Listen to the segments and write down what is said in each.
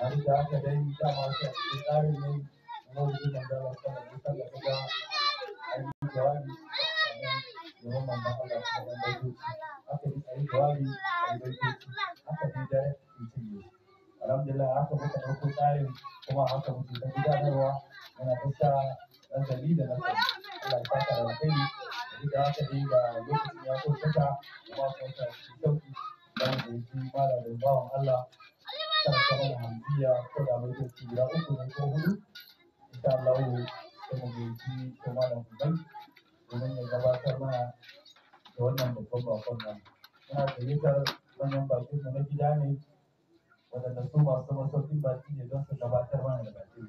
wanda haka dai dama shi a cikin tsarin ne na wajen da sallah ta ga yi jawabi sannan Allah ta aka yi jawabi a yi baitoci aka yi da interview alhamdulillah haka muka ɗauko tsarin kuma haka muke ta gudanarwa muna ta sa da nazari Allah ya saka da kai da haka dai lokacin ya kuma kuma kuma ta don da yake da bawan Allah kan sama da ko da baitoci uku ne ko hudu insha Allah sai mu gaji ko malam kubai domin ya gabatar mana da wannan muna na gida ne waɗanda su masu masaukin baki ne don su gabatar mana da baki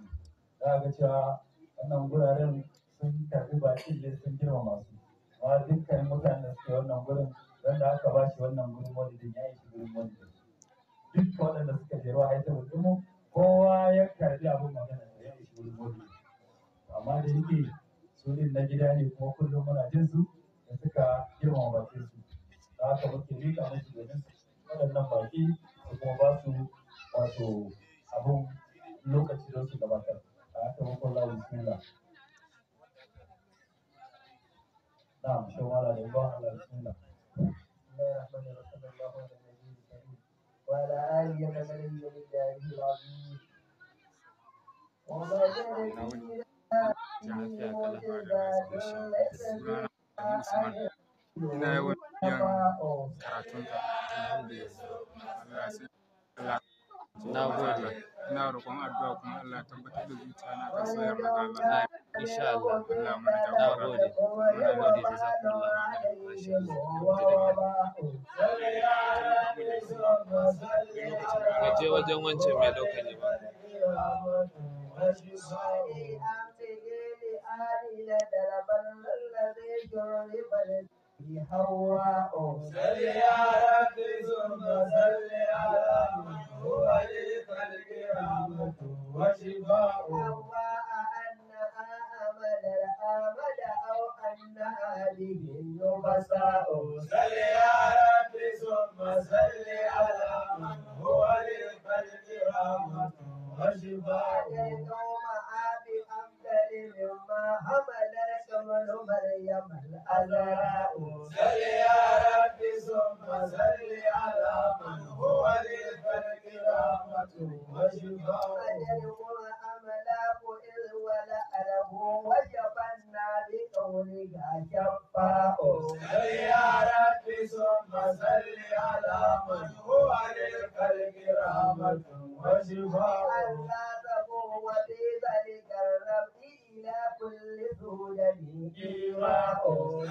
za ga cewa wannan guraren sun karɓi baki sun da suke wannan aka bashi wannan gurin wani ya yi shi duk waɗanda suka je ruwa ita mutumu kowa ya karbi abin magana da ya ishi wurin wani amma da yake su ne na gida ne kuma kullum muna jin su da suka girma bakin su da haka muke rika musu domin waɗannan baki su kuma ba su wato abin lokaci don su gabatar da haka muku lawo bismillah na'am shawara da ba Allah bismillah Allah ya rahmani وعلى آل وسلم لله العظيم Na gode. Ina roƙon addu'a kuma Allah ya tabbatar da zuciya na kan sayar da Allah. Insha Allah. Allah mana Na gode. Na gode da za ku Allah mana da Ka je wajen wancan mai ɗaukar ne ba. Thank you. في حواء صل على كلثوم وصل على من هو للخلق رحمة وشفاء حواء أنها أمل الأمل أو أنها لهم بصاء صل على كلثوم وصل على من هو للخلق رحمة وشفاء مما حملت من مريم العذراء صل يا رب ثم صل على من هو للفلك رحمة وشفاء أجل وأملاك إذ ولا له وجبنا بقولك شفاء صل يا رب ثم صل على من هو للفلك رحمة وشفاء الله تقوم الرب إلى كل سودة إيواء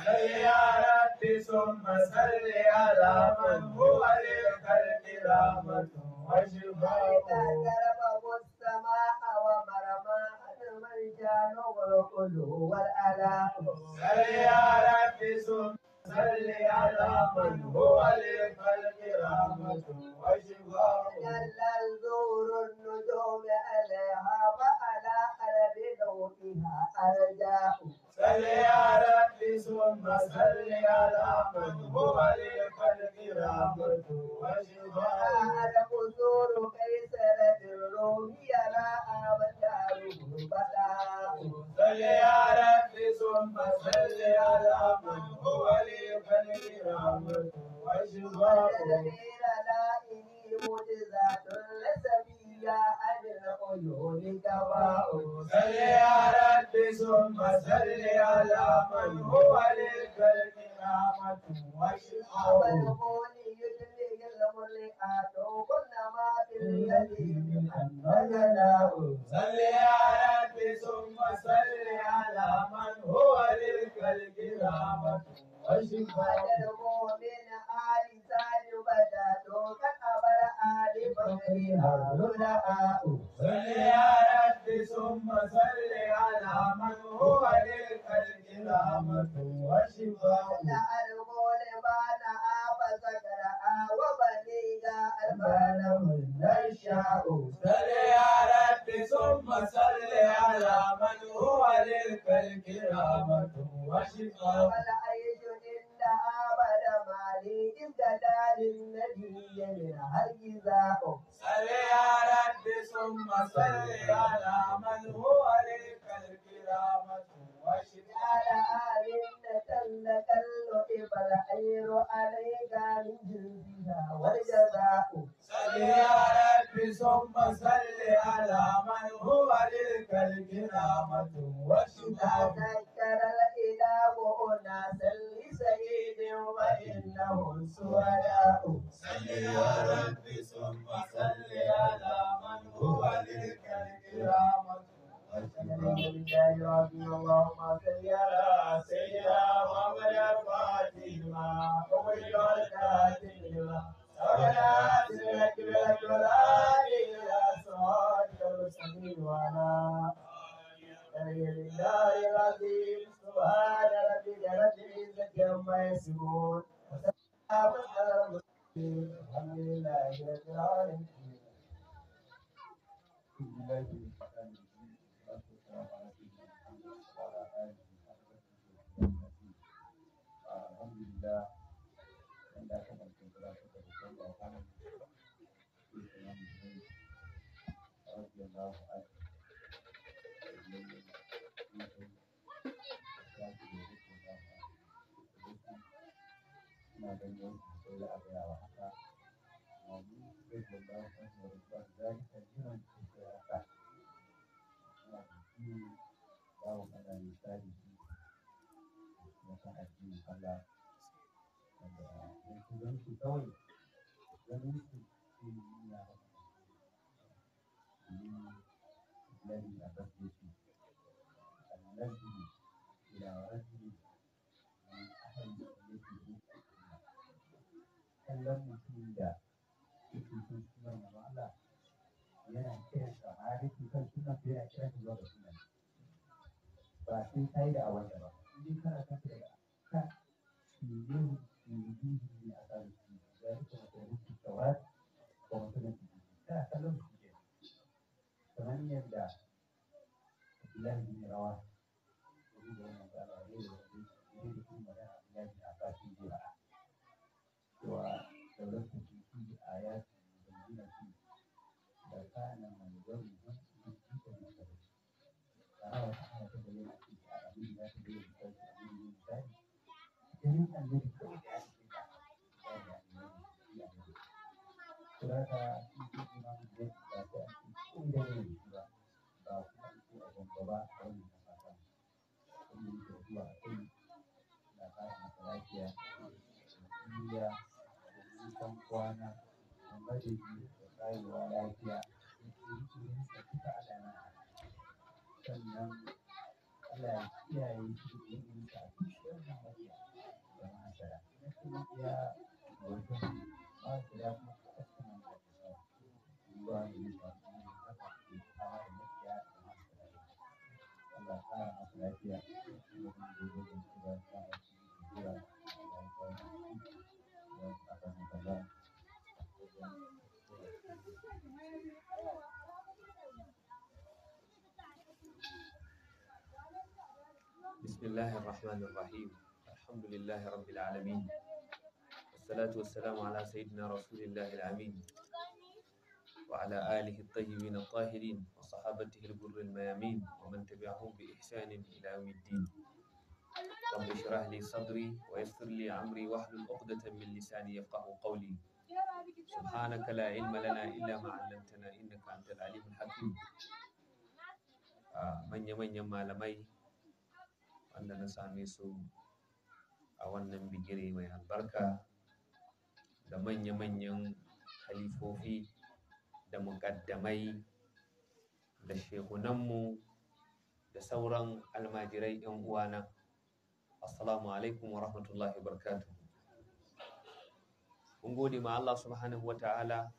يا رب ثم صل على من هو للخلق رحمة وشفاء كرم السماء ومرمى المرجان والخلو والألاء صل يا رب ثم صل على من هو للخلق رحمة وشفاء جل الزور النجوم ظل صلي على ربي ثم صل على من هو للكلب نعمة وشفاء ذكر الإله أناسا لسيد وإنه سوداء صل يا ربي ثم صل على من هو للكلب نعمة اللهم صل على سيدنا محمد الفاتح ما قبل البركات Yeah. kiransa a rike kan sunan ka yana kiran zuwa ga sunan ba sai kai da awanta ba in kana kanka daga Thank you. بسم الله الرحمن الرحيم الحمد لله رب العالمين والصلاة والسلام على سيدنا رسول الله الأمين وعلى آله الطيبين الطاهرين وصحابته البر الميامين ومن تبعهم بإحسان إلى يوم الدين رب اشرح لي صدري ويسر لي عمري واحلل عقدة من لساني يفقه قولي سبحانك لا علم لنا إلا ما علمتنا إنك أنت العليم الحكيم من يمن يمال مي wanda na same su a wannan bigire mai albarka da manya-manyan halifofi da muƙaddamai da shehunanmu da sauran almajirai 'yan uwana assalamu alaikum wa rahmatullahi barkatu mun gode ma Allah subhanahu wa da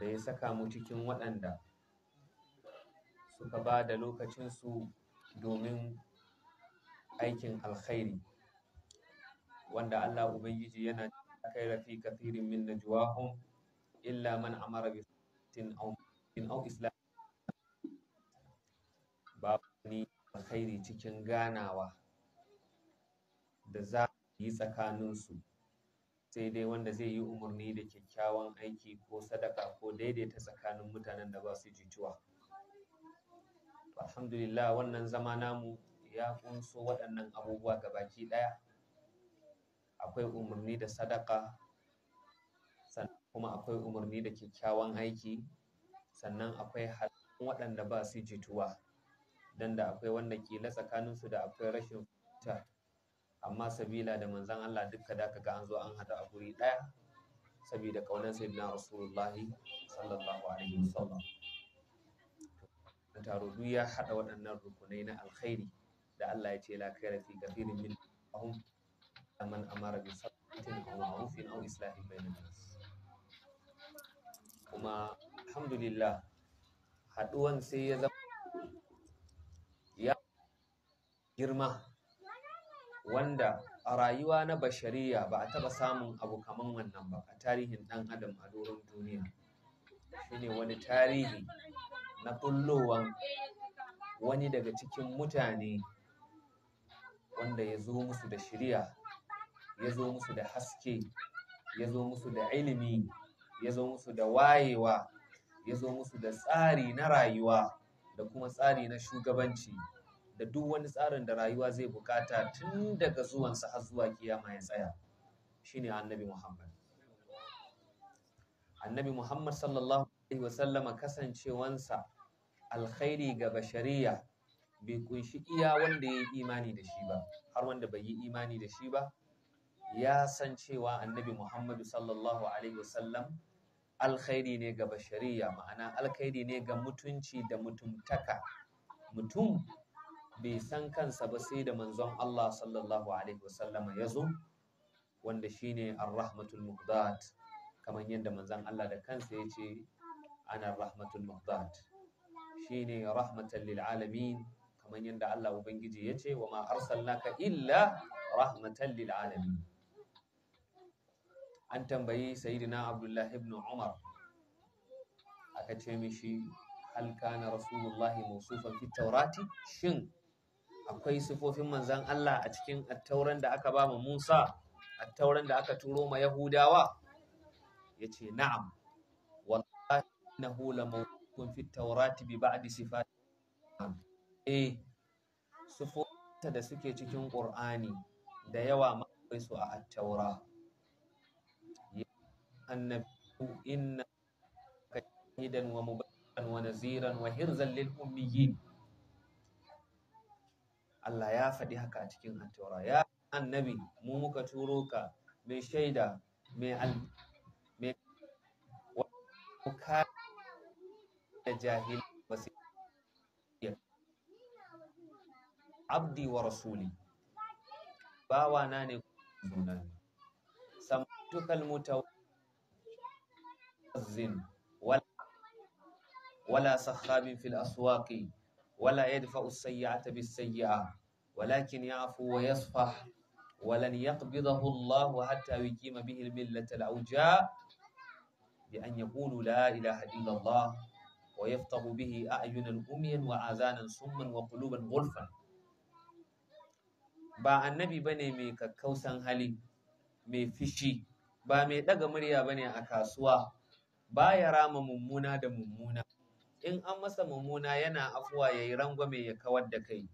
ya saka mu cikin waɗanda suka ba da lokacinsu domin aikin alkhairi wanda Allah ubangiji yana kai fi kathirin min najwahum illa man amara bi tin au tin au islam babu alkhairi cikin ganawa da za yi tsakaninsu sai dai wanda zai yi umarni da kyakkyawan aiki ko sadaka ko daidaita tsakanin mutanen da ba su jituwa alhamdulillah wannan zama namu ya ƙunso waɗannan abubuwa gabaki ɗaya akwai umarni da sadaka sannan kuma akwai umarni da kyakkyawan aiki sannan akwai halin waɗanda ba su jituwa don da akwai wanda kila tsakaninsu da akwai rashin fita amma sabila da manzan Allah dukka da ka ga an zo an haɗu a guri ɗaya sabida ƙaunar sayyidina rasulullahi sallallahu alaihi wasallam taro duk ya haɗa waɗannan rukunai na alkhairi da Allah ya ce la khaira fi kathirin min ahum man amara bi salatin aw ma'rufin aw islahin bainan nas kuma alhamdulillah haduwan sai ya zama ya girma wanda a rayuwa na bashariya ba a taba samun abu kaman wannan ba a tarihin dan adam a doron duniya shine wani tarihi na kullowan wani daga cikin mutane wanda ya zo musu da shiriya ya zo musu da haske ya zo musu da ilimi ya zo musu da wayewa ya zo musu da tsari na rayuwa da kuma tsari na shugabanci da duk wani tsarin da rayuwa zai bukata tun daga zuwansa har zuwa kiyama ya tsaya shine annabi muhammad annabi muhammad sallallahu alaihi wasallama kasancewansa alkhairi ga bashariya bai kunshi iya wanda ya yi imani da shi ba har wanda bai yi imani da shi ba ya san cewa annabi muhammadu sallallahu alaihi wasallam alkhairi ne ga bashariya ma'ana alkhairi ne ga mutunci da mutumtaka mutum bai san kansa ba sai da manzon Allah sallallahu alaihi wasallama ya zo wanda shine ar-rahmatul muhdat kamar yadda manzon Allah da kansa ya ce ana rahmatul muhdat shine rahmatan lil kamar yadda Allah Ubangiji ya ce wa ma arsalnaka illa rahmatan lil alamin an tambayi sayyidina Abdullah ibn Umar aka ce mishi hal kana rasulullahi mawsufan fi tawrati shin akwai sifofin manzon Allah a cikin attauran da aka ba mu Musa attauran da aka turo ma Yahudawa yace na'am wallahi innahu lamawsufun fi tawrati bi ba'di sifati eh sufofinta da suke cikin ƙur'ani da yawa ma su a attaura annabi inna ka shahidan wa mubashiran wa naziran wa hirzan lil ummiyyin Allah ya faɗi haka a cikin attaura ya annabi mu muka turo ka mai shaida mai al mai ka da jahil basira عبدي ورسولي باوا ناني زناني سمعتك المتوزن ولا ولا سخاب في الأسواق ولا يدفع السيئة بالسيئة ولكن يعفو ويصفح ولن يقبضه الله حتى يقيم به الملة العوجاء بأن يقول لا إله إلا الله ويفتغ به أعين أميا وآذانا سما وقلوبا غلفا ba annabi ba ne mai kakkausan hali mai fishi ba mai ɗaga murya ba ne a kasuwa ba ya rama mummuna da mummuna in an masa mummuna yana afuwa ya yi rangwame ya kawar da kai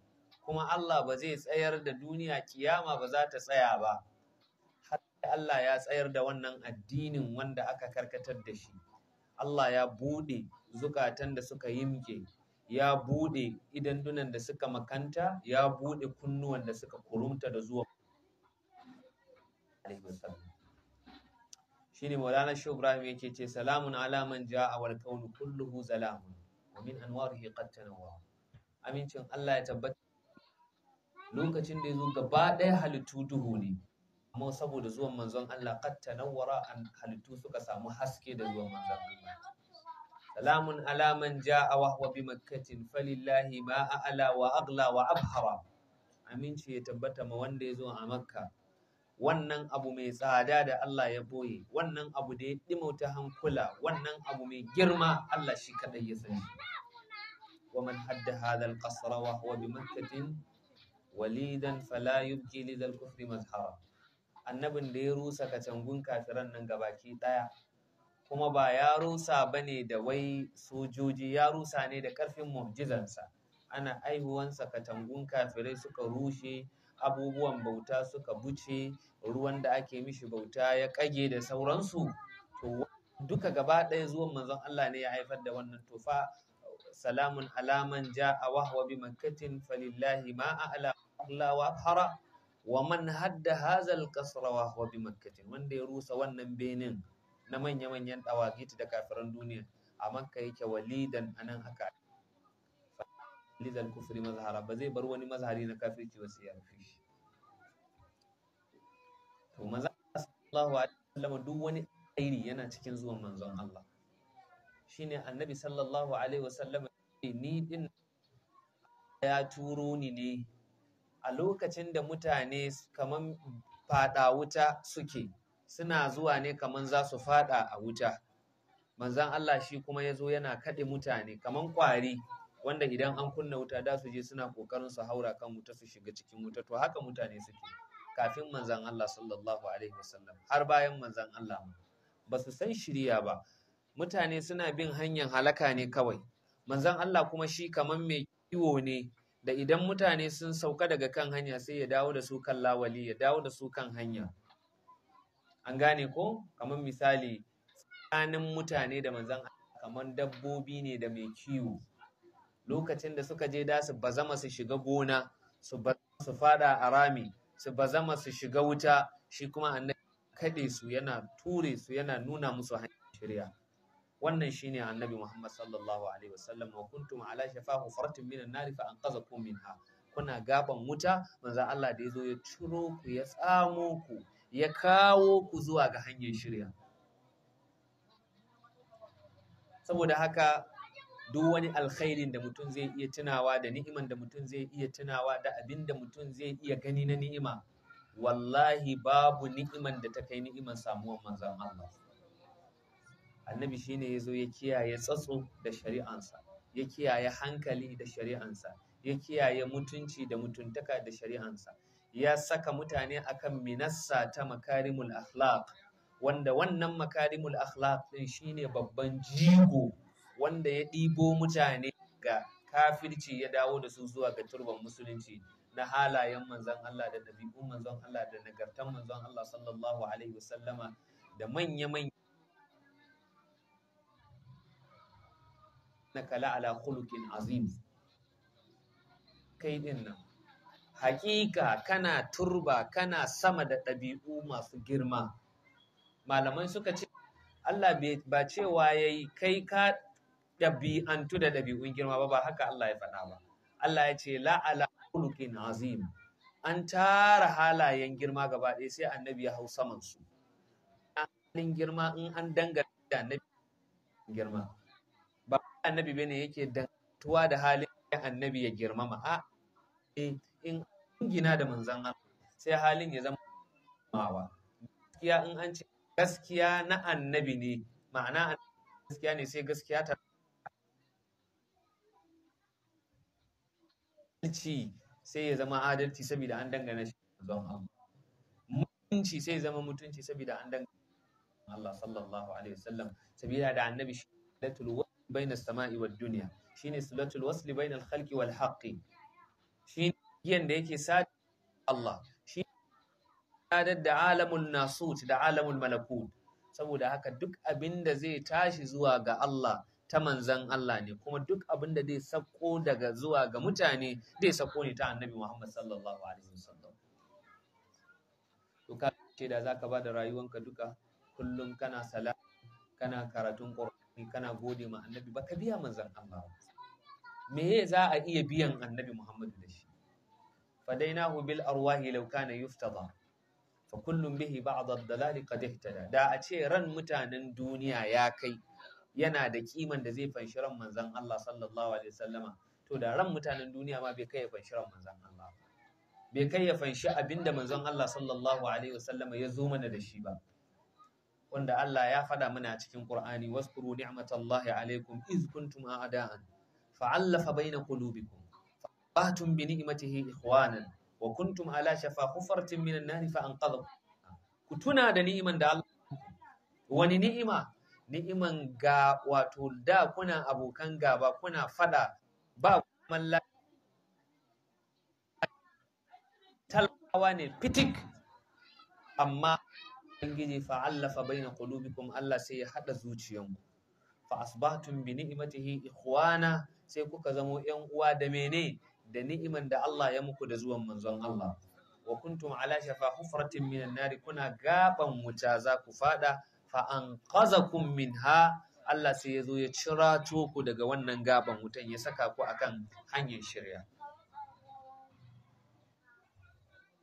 kuma Allah ba zai tsayar da duniya kiyama ba za ta tsaya ba har Allah ya tsayar da wannan addinin wanda aka karkatar da shi Allah ya buɗe zukatan da suka yimke ya buɗe idandunan da suka makanta ya buɗe kunnuwan da suka kurumta da zuwa shi ne maulana shi ibrahim yake ce salamun alaman ja a wal kaunu kulluhu zalamun wa min anwarihi qad amincin Allah ya tabbata lokacin da yazo gaba ɗaya halittu duhu ne amma saboda zuwan manzon Allah qad tanawwara an halittu suka samu haske da zuwan manzon Allah salamun alaman ja ja'a wa bi makkatin falillahi ma a'la wa aglawa, wa abhara aminci ya tabbata ma wanda ya zo a makka wannan abu mai tsada da Allah ya boye wannan abu da ya ɗimauta hankula wannan abu mai girma Allah shi kadai ya sani wa hadda hadha ƙasar qasra wa bi makkatin walidan fala yubki lidal kufri mazhara annabin da ya rusa kacangun kafiran nan gabaki ɗaya. kuma ba ya rusa ba ne da wai sojoji ya rusa ne da ƙarfin mu'jizansa ana aihuwansa katangun kafirai suka rushe abubuwan bauta suka buce ruwan da ake mishi bauta ya ƙage da sauransu to duka gaba ɗaya zuwan manzon Allah ne ya haifar da wannan tofa salamun alaman ja a wahwa bi makkatin falillahi ma a'la wa hara wa man hadda hazal kasra wahwa bi makkatin wanda ya rusa wannan benin na manya-manyan dawagiti da kafiran duniya a makka yake walidan anan haka lidan kufri mazhara ba zai bar wani mazhari na kafirci ba sai ya rufe shi to maza sallallahu alaihi wasallam duk wani alheri yana cikin zuwan manzon Allah shine annabi sallallahu alaihi wasallam ni din ya turo ni ne a lokacin da mutane kaman fada wuta suke suna zuwa ne kaman za su fada a wuta manzan Allah shi kuma ya zo yana kaɗe mutane kaman ƙwari wanda idan an kunna wuta da su je suna ƙoƙarin su haura kan wuta su shiga cikin wuta to haka mutane suke kafin manzan Allah sallallahu alaihi wasallam har bayan manzan Allah ba su san shirya ba mutane suna bin hanyar halaka ne kawai manzan Allah kuma shi kaman mai kiwo ne da idan mutane sun sauka daga kan hanya sai ya dawo da su kan lawali ya dawo da su kan hanya an gane ko kamar misali tsakanin mutane da manzan kamar dabbobi ne da mai kiwo lokacin da suka je da su bazama su shiga gona su bazama su fada a rami su bazama su shiga wuta shi kuma annabi kaɗe su yana ture su yana nuna musu hanyar shirya wannan shine annabi Muhammad sallallahu alaihi wasallam wa kuntum ala shafa hufratin minan nar fa anqazakum minha kuna gaban wuta manzon Allah da ya zo ya ciro ku ya tsamo ku ya kawo ku zuwa ga hanyar shirya saboda haka duk wani alkhairin da mutum zai iya tunawa da ni'iman da mutum zai iya tunawa da abin da mutum zai iya gani na ni'ima wallahi babu ni'iman da ta kai ni'iman samuwar manzan Allah annabi shine yazo ya kiyaye tsatso da shari'ansa ya kiyaye hankali da shari'ansa ya kiyaye mutunci da mutuntaka da shari'ansa ya saka mutane akan minassa ta makarimul akhlaq wanda wannan makarimul akhlaq din shine babban jigo wanda ya ɗibo mutane ga kafirci ya dawo da su zuwa ga turban musulunci na halayen manzon Allah da ɗabi'un manzon Allah da nagartan manzon Allah sallallahu alaihi wasallama da manya-manya na kala ala khuluqin azim kai din nan hakika kana turba kana sama da ɗabi'u masu girma malamai suka ce Allah ba cewa ya yi kai ka ɗabi'antu da ɗabi'un girma ba ba haka Allah ya faɗa ba Allah ya ce la'ala kulukin azim an tara halayen girma gaba ɗaya sai annabi ya hau samansu halin girma in an dangane da annabi girma ba annabi bane yake dangantuwa da halin annabi ya girmama a eh, in gina da manzan Allah sai halin ya zama mawa gaskiya in an ce gaskiya na annabi ne ma'ana gaskiya ne sai gaskiya ta adalci sai ya zama adalci saboda an dangana shi manzon Allah mutunci sai zama mutunci saboda an dangana Allah sallallahu alaihi wasallam saboda da annabi shi latul wasl baina samai wad dunya shine sulatul wasl baina al khalqi wal haqqi shine giyan da yake sadar Allah shi sadar da alamul nasut da alamul malakut saboda haka duk abin da zai tashi zuwa ga Allah ta manzan Allah ne kuma duk abin da zai sako daga zuwa ga mutane zai sako ne ta annabi Muhammad sallallahu alaihi wasallam to ka ce da zaka bada rayuwanka duka kullum kana sala kana karatun Qur'ani kana gode ma annabi baka biya manzan Allah me za a iya biyan annabi Muhammad da shi fadainahu bil arwahi law kana yuftada fa kullum bihi ba'd dalali dalal qad ihtada da a ce ran mutanen duniya ya kai yana da ƙiman da zai fanshi ran manzon Allah sallallahu to da ran mutanen duniya ma bai kai ya fanshi ran manzon Allah bai kai ya fanshi abinda manzon Allah sallallahu ya zo mana da shi ba wanda Allah ya faɗa mana cikin Qur'ani waskuru ni'matallahi alaikum iz kuntum a'da'an fa'allafa baina qulubikum ahtum bi ni'matihi ikhwanan wa kuntum ala shafa hufartin minan nari fa anqadhakum ku tuna da ni'iman da Allah wani ni'ima ni'iman ga wato da kuna abokan gaba kuna fada ba kuma talakawa ne fitik amma ubangiji fa allafa baina qulubikum Allah sai ya hada zuciyanku fa asbahtum bi ni'matihi ikhwana sai kuka zamo yan uwa da mene da ni'iman da Allah ya muku da zuwan manzon Allah wa kuntum ala shafa hufratin minan nari kuna gaban wuta za ku fada fa anqazakum minha Allah sai ya zo ya cira ku daga wannan gaban wutan ya saka ku akan hanyar shirya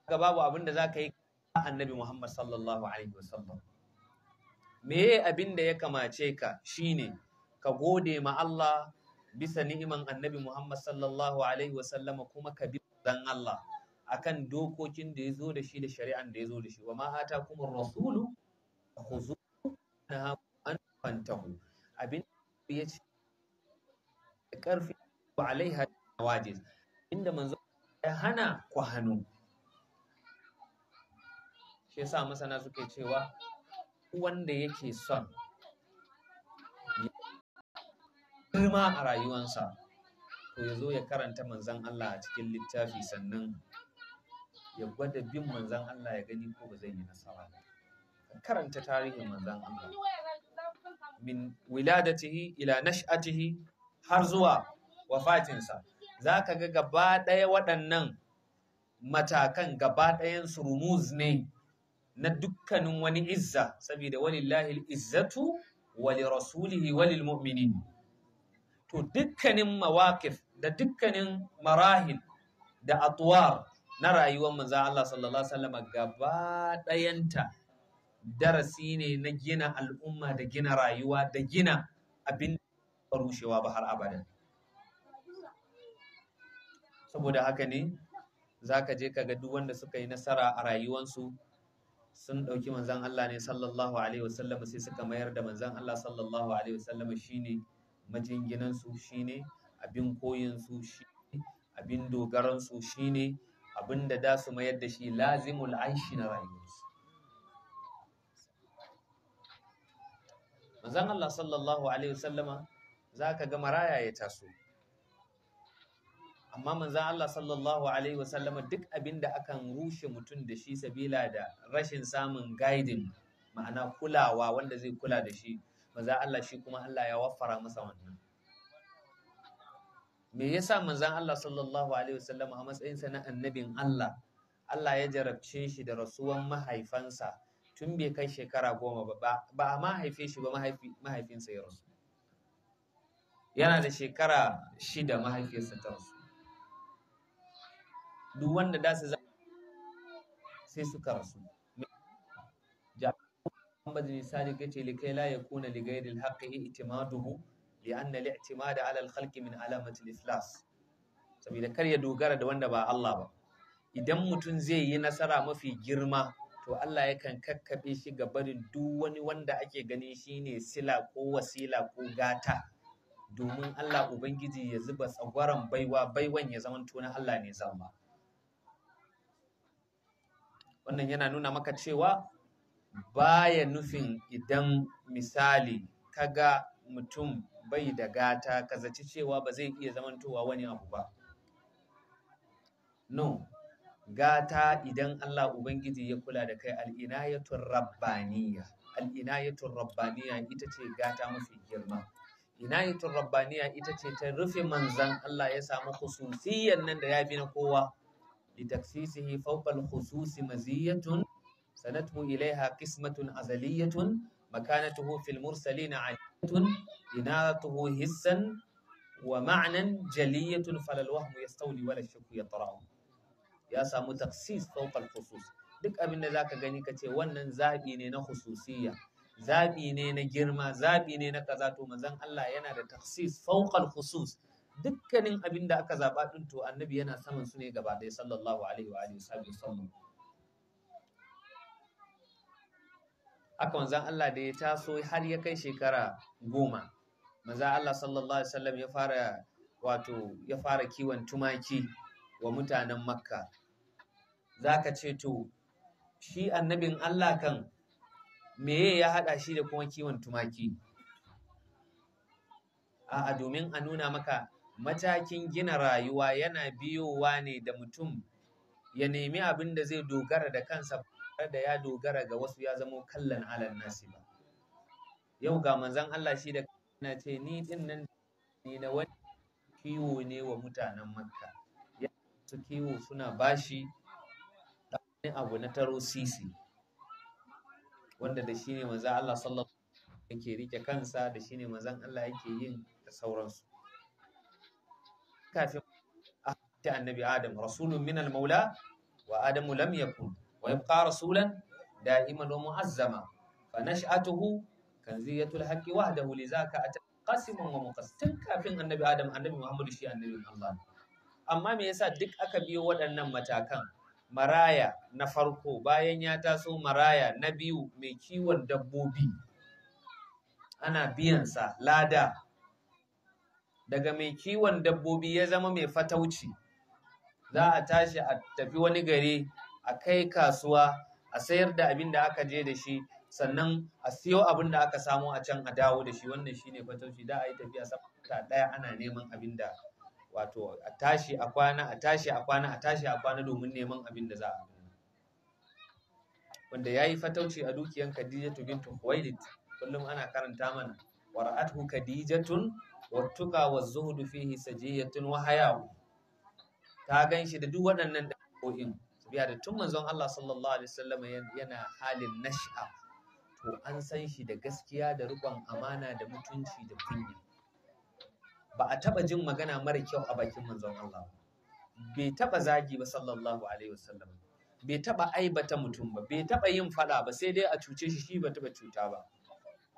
ga babu abin da zaka yi annabi Muhammad sallallahu alaihi wasallam Me abin da ya kamace ka shine ka gode ma Allah bisa ni'iman annabi Muhammad sallallahu alaihi wasallama kuma ka bi dan Allah akan dokokin da ya zo da shi da shari'an da ya zo da shi wa ma kuma rasulu khuzu na an fantahu abin ya ce karfi wa alaiha wajiz inda manzo ya hana ku hannu shi yasa masana suke cewa wanda yake son girma a rayuwansa to ya zo ya karanta manzan Allah a cikin littafi sannan ya gwada bin manzan Allah ya gani ko ba zai yi nasara ba karanta tarihin manzan Allah min wiladatihi ila nash'atihi har zuwa wafatinsa za ka ga gaba ɗaya waɗannan matakan gaba ɗayan su rumuz ne na dukkanin wani izza saboda walillahi izzatu wa li rasulihi wa lil mu'minin to dukkanin mawakif da dukkanin marahil da atuwar na rayuwar manzan Allah sallallahu Alaihi gaba ɗayanta darasi ne na gina al'umma da gina rayuwa da gina abin da rushewa ba har abada. Saboda haka ne za ka je ka ga duk wanda suka yi nasara a rayuwansu sun ɗauki manzan Allah ne sallallahu Alaihi wasallam sai suka mayar da manzan Allah sallallahu Alaihi wasallam shine ne majinginansu ne, abin koyinsu shi ne, abin dogaransu ne, abin da da su mayar da shi lazimul aishi na rayuwarsu manzon Allah sallallahu alaihi wasallama zaka ga maraya ya taso amma manzon Allah sallallahu alaihi wasallama duk abin da akan rushe mutum da shi sabila da rashin samun guiding ma'ana kulawa wanda zai kula da shi manzan Allah shi kuma Allah ya waffara masa wannan me yasa manzan Allah sallallahu alaihi wasallam a matsayinsa na annabin Allah Allah ya jarabce shi da rasuwan mahaifansa tun bai kai shekara goma ba ba a mahaife shi ba mahaifinsa ya rasu yana da shekara shida mahaifinsa ta rasu duk wanda da su sai suka rasu Muhammad bin Sadiq yace li kai la yakuna li ghairi al-haqqi i'timaduhu li anna al min alamati al kar ya dogara da wanda ba Allah ba idan mutum zai yi nasara mafi girma to Allah yakan kakkafe shi ga barin duk wani wanda ake gani shine sila ko wasila ko gata domin Allah Ubangiji ya zuba tsagwaron baiwa baiwan ya zama na Allah ne zama wannan yana nuna maka cewa baya nufin idan misali kaga mutum bai da gata ka zaci cewa ba zai iya zamantowa wani abu ba no gata idan Allah ubangiji ya kula da kai al’inayatun rabbaniya Al’inayatun rabbaniya ita ce gata mafi girma Inayatun rabbaniya ita ce ta rufe manzan Allah ya samu khususiyan nan da ya bi na kowa li faukal fawqa khususi maziyatun sanatu ilaiha qismatun azaliyatun makanatuhu fil mursalina aliyatun inaratuhu hissan wa ma'anan jaliyatun falalwamu ya yastawli wala ya yatra'u ya samu taksis fawqa al-khusus duk abin da zaka gani kace wannan zabi ne na khususiyya zabi ne na girma zabi ne na kaza to manzon Allah yana da taksis fawqa al dukkanin abin da aka zaɓa din annabi yana saman su ne gaba sallallahu alaihi wa alihi wasallam haka wanzan Allah da ya taso har ya kai shekara goma maza Allah sallallahu alaihi wasallam ya fara wato ya fara kiwon tumaki wa mutanen makka Za ka ce to shi annabin Allah kan meye ya haɗa shi da kuma kiwon tumaki a'a domin a nuna maka matakin gina rayuwa yana biyowa ne da mutum ya nemi abin da zai dogara da kansa da ya dogara ga wasu ya zamo kallan alal nasi ba yau ga manzon Allah shi da na ce ni din nan ni na wani kiwo ne wa mutanen makka ya su kiwo suna bashi wani abu na taro sisi wanda da shi ne manzon Allah sallallahu yake rike kansa da shi ne manzon Allah yake yin da sauransu kafin ta annabi adam rasulun minal maula wa adamu lam yakun wa yabqa rasulan da'iman wa mu'azzama fa nash'atuhu kanziyatul haqqi wahdahu lizaka atqasimun wa muqastin kafin annabi adam annabi muhammadu shi annabin allah amma me yasa duk aka biyo waɗannan matakan maraya na farko bayan ya taso maraya na biyu mai kiwon dabbobi ana biyansa lada daga mai kiwon dabbobi ya zama mai fatauci za a tashi a tafi wani gari a kai kasuwa a sayar da abin da aka je da shi sannan a siyo abin da aka samu a can a dawo da shi wannan shine fatauci da a yi tafiya sabta daya ana neman abin da wato a tashi a kwana a tashi a kwana a tashi a kwana domin neman abin da za a wanda yi fatauci a dukiyan Khadijatu bintu Khuwailid kullum ana karanta mana wara'athu Khadijatun wattuka wazuhdu fihi sajiyatun wa hayaw ta ganshi da duk waɗannan ko'in. biya da tun manzon Allah sallallahu alaihi wasallam yana halin nash'a to an san shi da gaskiya da riƙon amana da mutunci da kunya ba a taba jin magana mara kyau a bakin manzon Allah bai taɓa zagi ba sallallahu alaihi wasallam bai taɓa aibata mutum ba bai taɓa yin faɗa ba sai dai a cuce shi shi ba taɓa cuta ba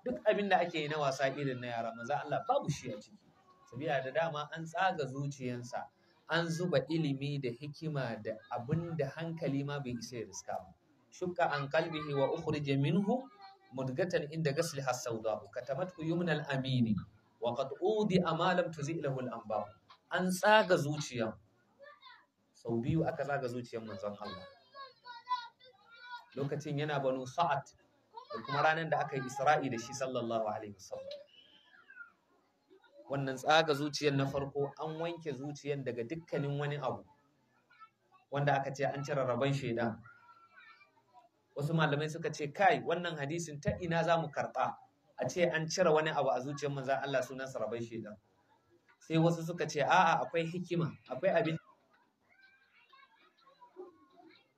duk abin da ake yi na wasa irin na yara manzon Allah babu shi a ciki sabiya da dama an tsaga zuciyarsa an zuba ilimi da hikima da abin da hankali ma bai isa ya riska ba shukka an kalbihi wa ukhrija minhu mudgatan inda ghasli hasawda katamatku yumnal amini wa qad udi amalam tuzi lahu al an tsaga zuciya sau biyu aka tsaga zuciyar manzon Allah lokacin yana banu sa'ad da kuma ranar da aka yi isra'i da shi sallallahu alaihi wasallam wannan tsaga zuciyar na farko an wanke zuciyar daga dukkanin wani abu wanda aka ce an cire rabon shaida wasu malamai suka ce kai wannan hadisin ta ina za mu karɓa a ce an cire wani abu a zuciyar manzan Allah sunansa rabon shaida sai wasu suka ce a'a akwai hikima akwai abin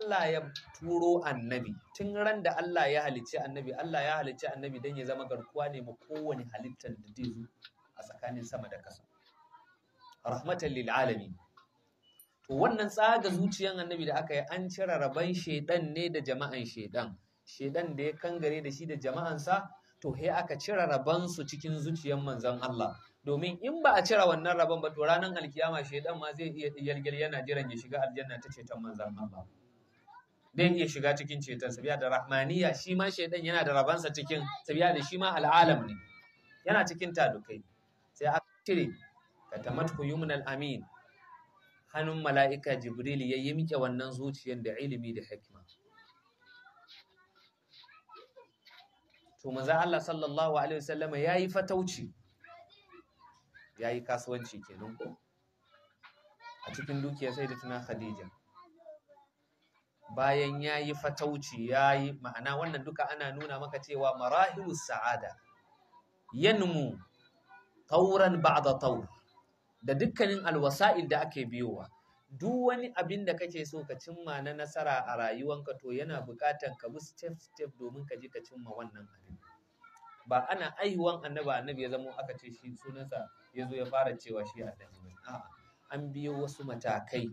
Allah ya turo annabi tun ran da Allah ya halicci annabi Allah ya halicci annabi don ya zama garkuwa ne ma kowane halittar da zai a tsakanin sama da ƙasa rahmatan lil alamin to wannan tsaga zuciyan annabi da aka yi an cire rabon shedan ne da jama'an shedan shedan da ya kangare da shi da jama'ansa to he aka cire rabon su cikin zuciyan manzon Allah domin in ba a cire wannan rabon ba to ranar alkiyama shedan ma zai iya yalgal yana jiran ya shiga aljanna ta ceton manzon Allah zai iya shiga cikin ceton sabiya da rahmaniya shi ma shedan yana da rabansa cikin sabiya da shi ma al'alam ne yana cikin talukai sai aka cire katamathu yumnal amin hannun mala'ika jibril ya yi miƙe wannan zuciyar da ilimi da hikima to maza Allah sallallahu alaihi wasallama ya yi fatauci ya yi kasuwanci kenan ko a cikin dukiya sai da tuna khadija bayan ya yi fatauci ya yi ma'ana wannan duka ana nuna maka cewa marahilus sa'ada yanmu tauran da taur da dukkanin alwasa'il da ake biyowa duk wani abin da kake so ka cimma na nasara a rayuwanka to yana buƙatan ka bi step step domin ka je ka cimma wannan abin ba ana aihuwan annabi annabi ya zamo aka ce shi sunansa ya zo ya fara cewa shi annabi ne a'a an biyo wasu matakai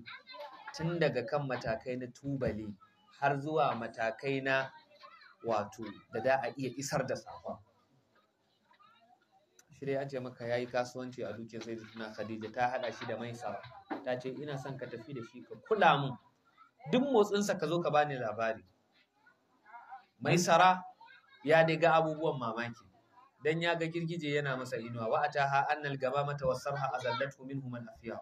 tun daga kan matakai na tubali har zuwa matakai na wato da da a iya isar da safa shi dai an ce maka yi kasuwanci a dukiyar sai zuna khadija ta haɗa shi da mai maisara ta ce ina son ka tafi da shi ka kula mun duk motsinsa ka zo ka bani labari Mai sara ya dai ga abubuwan mamaki dan ya ga girgije yana masa inuwa wa ha annal gaba mata wasarha azallatu minhum al afiya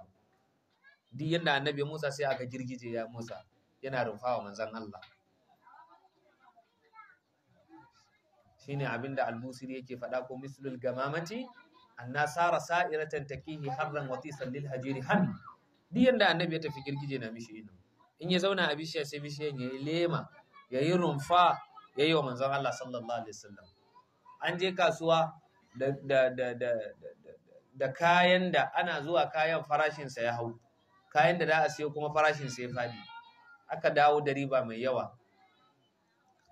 duk yanda annabi Musa sai aga girgije ya Musa yana rufawa manzon Allah shine hmm. abinda al-musiri yake faɗa ko mislul gamamati annasara sa'iratan takihi harran wa tisan lil hajiri ham duk yanda annabi ya tafi girgije na mishi ino in ya zauna a bishiya sai bishiyan ya lema ya yayi rumfa yi wa manzon Allah sallallahu alaihi wasallam an je kasuwa da da da da da kayan da ana zuwa kayan farashinsa ya hau kayan da za a siyo kuma farashin sa ya faɗi aka dawo da riba mai yawa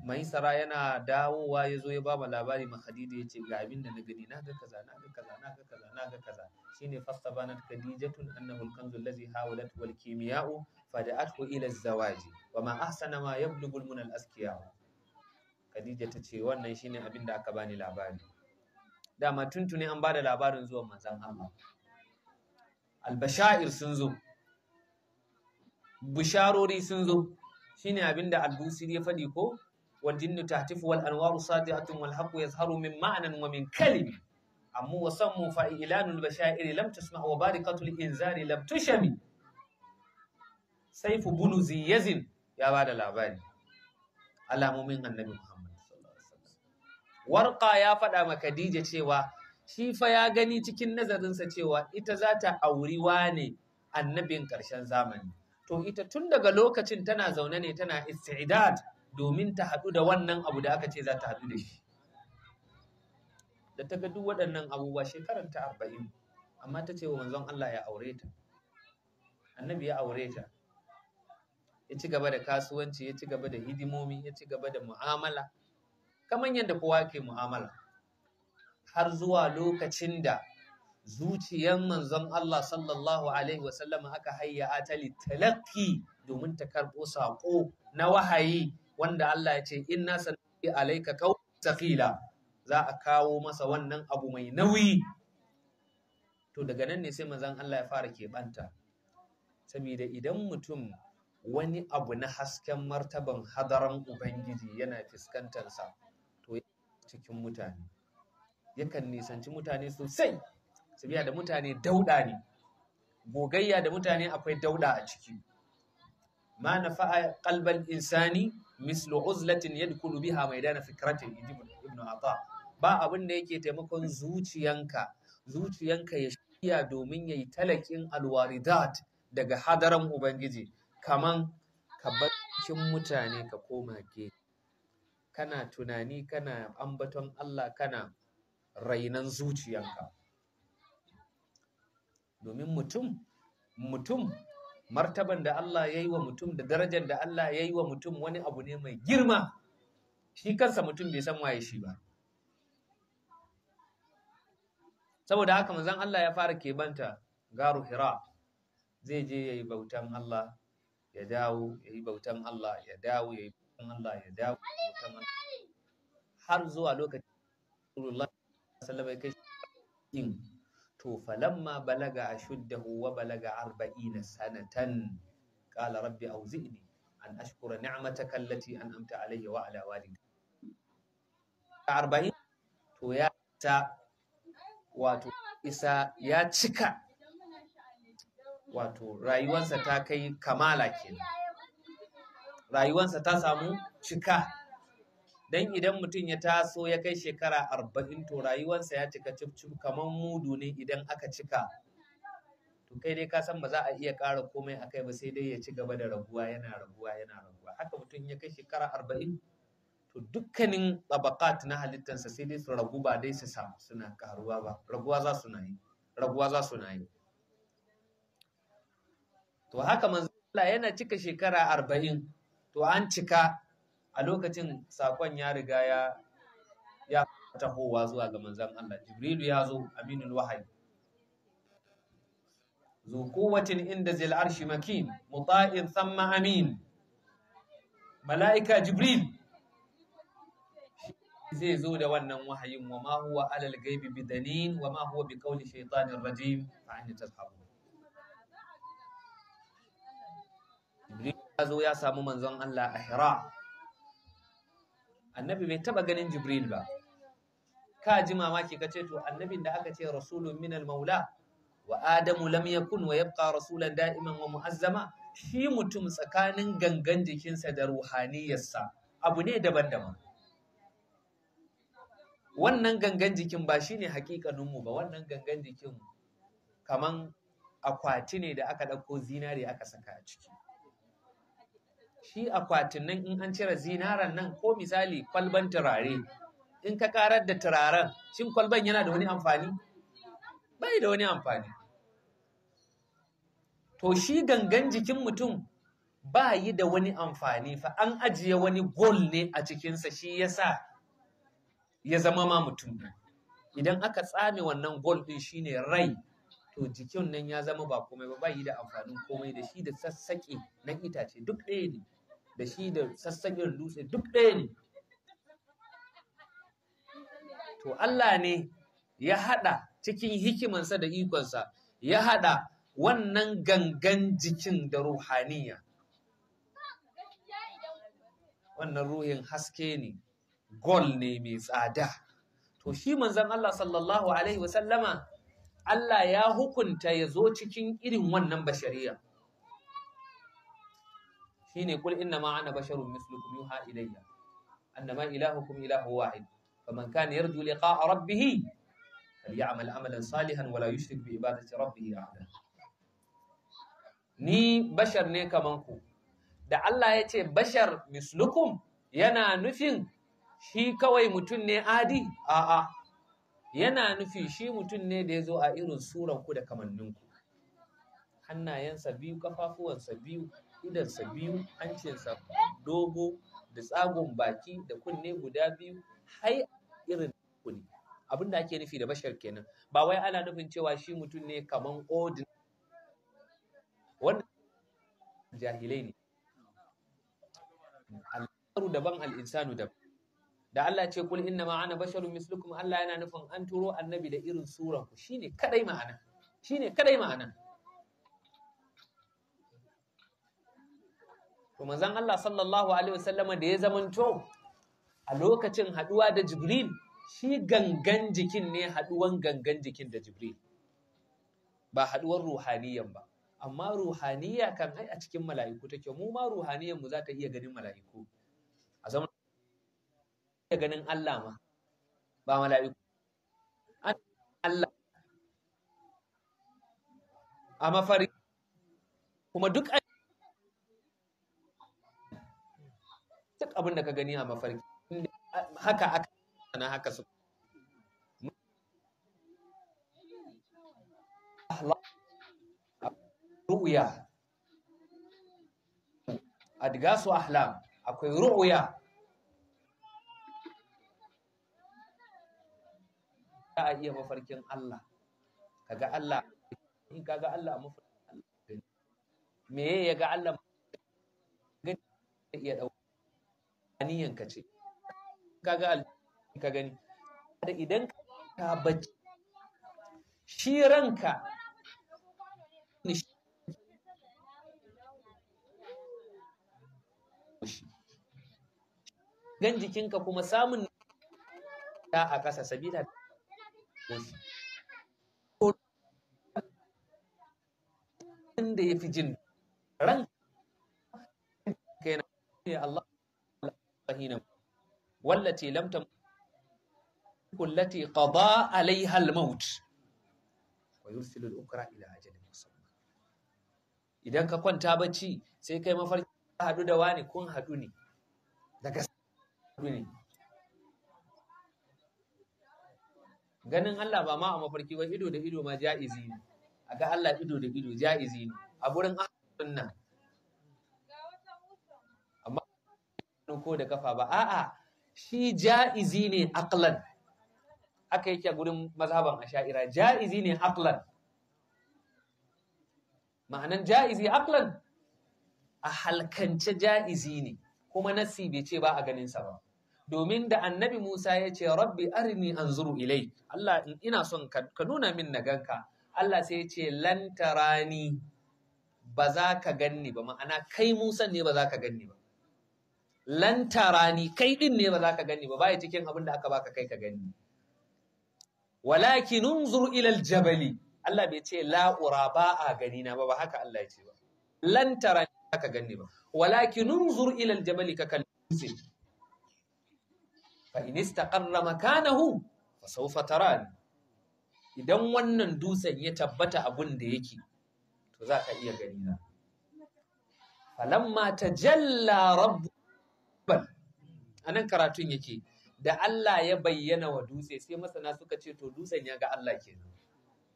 Mai Sara yana dawowa ya zo ya ba mu labari ma khadija ya ce ga abin da na gani na ga kaza na ga kaza na ga kaza na ga kaza shine fastabanat khadijatun annahu al-kanzu allazi hawalat wal kimiya'u fada'athu ila az-zawaji wa ma ahsana ma yablughu min al khadija ta ce wannan shine abin da aka bani labari dama tuntuni an bada labarin zuwa manzon Allah al-bashair sun zo bisharori sun zo shine abin da al-busiri ya fadi ko wal jinnu tahtifu wal anwaru sadiatun wal haqqu yazharu min ma'nan wa min kalimi amma wa sammu fa ilanul bashairi lam tusma wa barikatul inzari lam tushami saifu bunu ziyazin ya bada labari alamomin annabi Muhammad sallallahu alaihi wasallam warqa ya faɗa ma Khadija cewa shi fa ya gani cikin nazarinsa cewa ita za ta auri wane annabin ƙarshen zamani to ita tun daga lokacin tana zaune ne tana istidad domin ta haɗu da wannan abu da aka ce za ta haɗu da shi da ta ga duk waɗannan abubuwa shekarar ta arba'in amma ta ce wa manzon Allah ya aure ta annabi ya aure ta ya ci gaba da kasuwanci ya ci gaba da hidimomi ya ci gaba da mu'amala kamar yadda kowa ke mu'amala har zuwa lokacin da zuciyar manzon Allah sallallahu alaihi wasallam aka hayya ta litalaki domin ta karɓo saƙo na wahayi wanda Allah ya ce inna sanati alayka qaw thaqila za a kawo masa wannan abu mai nauyi to daga nan ne sai manzon Allah ya fara keɓanta saboda idan mutum wani abu na hasken martaban hadaran ubangiji yana sa to cikin mutane yakan nisanci mutane sosai sabiya da mutane dauda ne gogayya da mutane akwai dauda a ciki ma nafa'a qalbal insani mislu uzlatin yadkulu biha maidana fikratin ibnu ata ba abin da yake taimakon zuciyanka zuciyanka ya shirya domin yayi talakin alwaridat daga hadaran ubangiji kaman ka bakin mutane ka koma ke kana tunani kana ambaton Allah kana rainan zuciyanka domin mutum mutum martaban da Allah ya yi wa mutum da darajar da Allah ya yi wa mutum wani abu ne mai girma shi kansa mutum bai san waye shi ba saboda haka manzon Allah ya fara kebanta garu hira zai je ya yi bautan Allah ya dawo ya yi bautan Allah ya dawo ya yi bautan Allah ya dawo bautan Allah har zuwa lokacin Rasulullah sallallahu alaihi wasallam ya kai to falamma balaga ashuddahu wa balaga arba'ina sanatan qala rabbi auzi'ni an ashkura ni'mataka allati an'amta alayya wa ala walidayya arba'in to ya ta wato isa ya cika wato rayuwarsa ta kai kamala kenan rayuwarsa ta samu cika dan idan mutum ya taso ya kai shekara arba'in to rayuwarsa ya cika cif kamar mudu ne idan aka cika to kai dai ka san ba za a iya ƙara komai kai ba sai dai ya ci gaba da raguwa yana raguwa yana raguwa haka mutum ya kai shekara arba'in to dukkanin tabakat na halittarsa sai dai su ragu ba dai su samu suna karuwa ba raguwa za su na yi raguwa za su na yi to haka manzo Allah yana cika shekara arba'in to an cika a lokacin sakon ya riga ya ya tahowa zuwa ga manzon Allah Jibrilu ya zo aminul wahayi zu quwwatin inda zil arshi makin muta'in thumma amin mala'ika Jibril zai zo da wannan wahayin wa ma huwa alal gaibi bidanin wa ma huwa bi shaytanir rajim fa an tazhabu Jibril ya zo ya samu manzon Allah a Hira annabi bai taba ganin jibril ba ka ji mamaki ka ce to annabin da aka ce rasulun minal maula wa adamu lam yakun wa yabqa rasulan da'iman wa mu'azzama shi mutum tsakanin gangan jikinsa da ruhaniyarsa abu ne daban-daban wannan gangan jikin ba shine hakikaninmu ba wannan gangan jikin kaman akwati ne da aka ɗauko zinari aka saka a ciki shi akwatin nan in an cire zinaran nan ko misali kwalban turare in ka karar da turaren shin kwalban yana da wani amfani bai da wani amfani to shi gangan jikin mutum ba yi da wani amfani fa an ajiye wani gol ne a cikinsa shi yasa ya zama ma mutum idan aka tsame wannan gol din shine rai to jikin nan ya zama ba komai ba ba yi da amfanin komai da shi da sassaƙe na itace duk ɗaya ne da shi da sassanyar dutse duk ɗaya ne to Allah ne ya haɗa cikin hikimansa da ikonsa ya haɗa wannan gangan jikin da ruhaniya wannan ruhin haske ne gol ne mai tsada to shi manzon Allah sallallahu alaihi wasallama Allah ya hukunta ya zo cikin irin wannan bashariyar shine kul inna ma ana basharun mislukum yuha ilayya annama ilahukum ilahu wahid faman kana yarju liqa'a rabbih falyamal amalan salihan wala yushrik bi ibadati rabbih ahada ni bashar ne kaman ku da Allah ya ce bashar mislukum yana nufin shi kawai mutum ne adi a'a yana nufi shi mutum ne da ya zo a irin suranku da kamanninku hannayensa biyu kafafuwansa biyu idansa biyu hancinsa dogo da tsagon baki da kunne guda biyu hai irin kunne abin da ake nufi da bashar kenan ba wai ana nufin cewa shi mutum ne kaman odin wanda jahilai ne al'adu daban al'insanu daban da Allah ce kul inna ma'ana basharun mislukum Allah yana nufin an turo annabi da irin suran ku shine kadai ma'ana shine kadai ma'ana to manzon Allah sallallahu alaihi wasallama da ya zamanto a lokacin haduwa da Jibril shi gangan jikin ne haduwan gangan jikin da Jibril ba haduwar ruhaniyan ba amma ruhaniya kan ai a cikin mala'iku take mu ma ruhaniyan mu za ta iya ganin mala'iku a zaman iya ganin Allah ma ba mala'iku Allah a mafari kuma duk duk abin da ka gani a mafarki haka aka na haka su ru'uya adgasu ahlam akwai ru'uya za a iya mafarkin Allah kaga Allah in kaga Allah a mafarkin Allah me ya ga Allah ga iya dauka aniyan ka ce kaga ka gani da idan ka bacci shi ranka gan jikinka kuma samun ta a ƙasa sabila da ya fi jin ranka yana Allah hina wallati lam tam kullati qada alaiha al-maut wa yursilu al-ukra ila ajalin musamma idan ka kwanta bacci sai kai mafarki hadu da wani kun hadu ne daga hadu ne ganin Allah ba ma a mafarki ba ido da ido ma ja'izi ne a ga Allah ido da ido ja'izi ne a gurin ahlus sunna ko da kafa ba a'a shi ja'izi ne aqlan aka yake gurin mazhaban asha'ira ja'izi ne aqlan ma'anan ja'izi aqlan a halkance ja'izi ne kuma nasi bai ce ba a ganin sa ba domin da annabi Musa ya ce rabbi arini anzuru ilai Allah ina son ka nuna min na ganka Allah sai ya ce lantarani ba za ka ganni ba ma'ana kai Musa ne ba za ka ganni ba Lantara ni kai din ne ba za ka gani ba baya cikin abin da aka baka kai ka gani walakin unzur ila aljabali Allah bai ce la'ura ba a gani na ba ba haka Allah ya ce ba Lantara lantarani za ka gani ba walakin unzur ila aljabali ka kalli fa in istaqarra makanahu fa sawfa tarani idan wannan dutsen ya tabbata abin da yake to za ka iya gani na falamma tajalla rabbu A nan karatun yake da Allah ya bayyana wa dutse sai masana suka ce to dutsen ya ga Allah kenan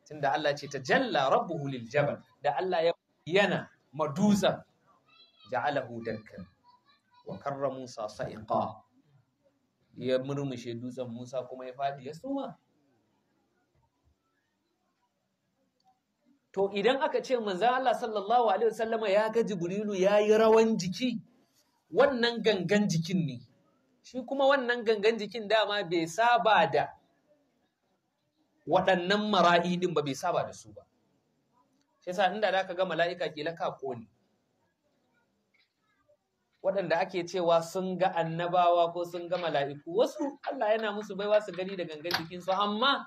tunda Allah ce jalla rabbuhu lil jabal da Allah ya bayyana ma dutsen ja'alahu dakkan wa karra Musa sa'iqa ya murmushe dutsen Musa kuma ya fadi ya suma to idan aka ce manzon Allah sallallahu alaihi wasallama ya ga Jibrilu yayi rawan jiki wannan gangan jikin ne shi kuma wannan gangan jikin dama bai saba da waɗannan mara'i ɗin ba bai saba da su ba shi sa inda da ka ga mala'ika kila ka kone waɗanda ake cewa sun ga annabawa ko sun ga mala'iku wasu Allah yana musu baiwa su gani da gangan jikinsu amma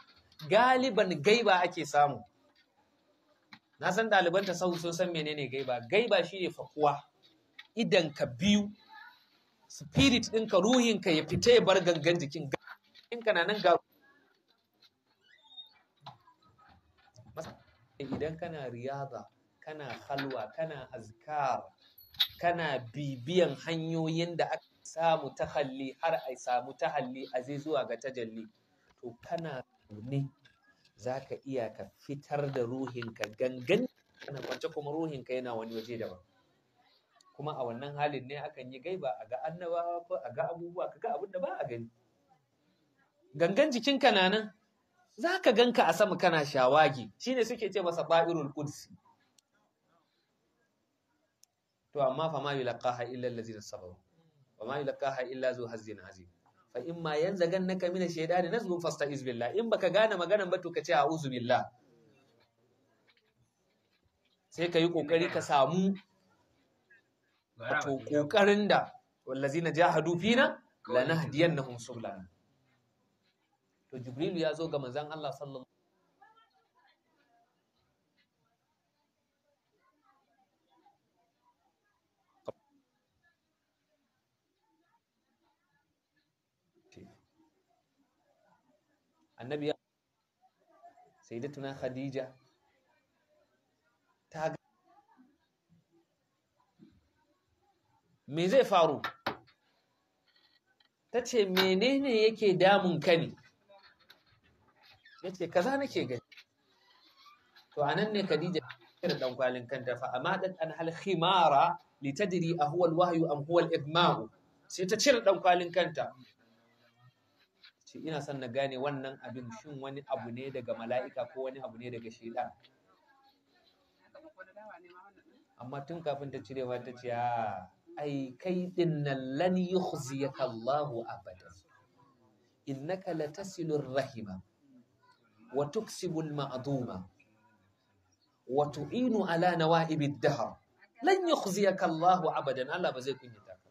galiban gaiba ake samu na san ɗaliban ta sun san menene gaiba gaiba shi ne fakuwa idanka biyu spirit ɗinka ruhinka ya fita ya bar gangan jikin in na nan ga idan kana riyaza kana halwa kana azkar kana bibiyan hanyoyin da aka samu ta tahalli har a samu ta tahalli a zai zuwa ga tajalli to kana ne za ka iya ka fitar da ruhinka gangan kana kwance kuma ruhinka yana wani waje daban kuma a wannan halin ne akan yi gaiba a ga annabawa a ga abubuwa ka ga abin da ba a gani gangan jikinka na nan za ka ganka a sama kana shawagi shine suke ce masa ba'irul qudsi to amma fa ma yulqaha illa allazina sabaru wa ma yulqaha illa zu hazin azim fa in ma yanzu yanzagannaka min ash-shaytani nazghun fasta'iz billah in baka gane maganan ba to ka ce a'udhu billah sai ka yi kokari ka samu wato kokarin da na? wallazina na fina lanahdiyannahum subulana to jibrilu ya zo ga manzon Allah sallallahu annabi ya sayyidatuna khadija me zai faru ta ce menene yake damun ka ne ya ce kaza nake gani to a nan ne khadija ta dan kwalin kanta fa amma dan an hal khimara tadri a huwa wahyu am huwa aligma'u sai ta cire dan kwalin kanta ce ina son na gane wannan abin shin wani abu ne daga mala'ika ko wani abu ne daga shaitan amma tun kafin ta cire ta ce a ai kai din nan lan yukhziyaka Allah abada innaka latasilur rahima wa tuksibul ma'duma wa tu'inu ala nawa'ibid dahr lan yukhziyaka Allah abadan Allah ba zai kunyata ka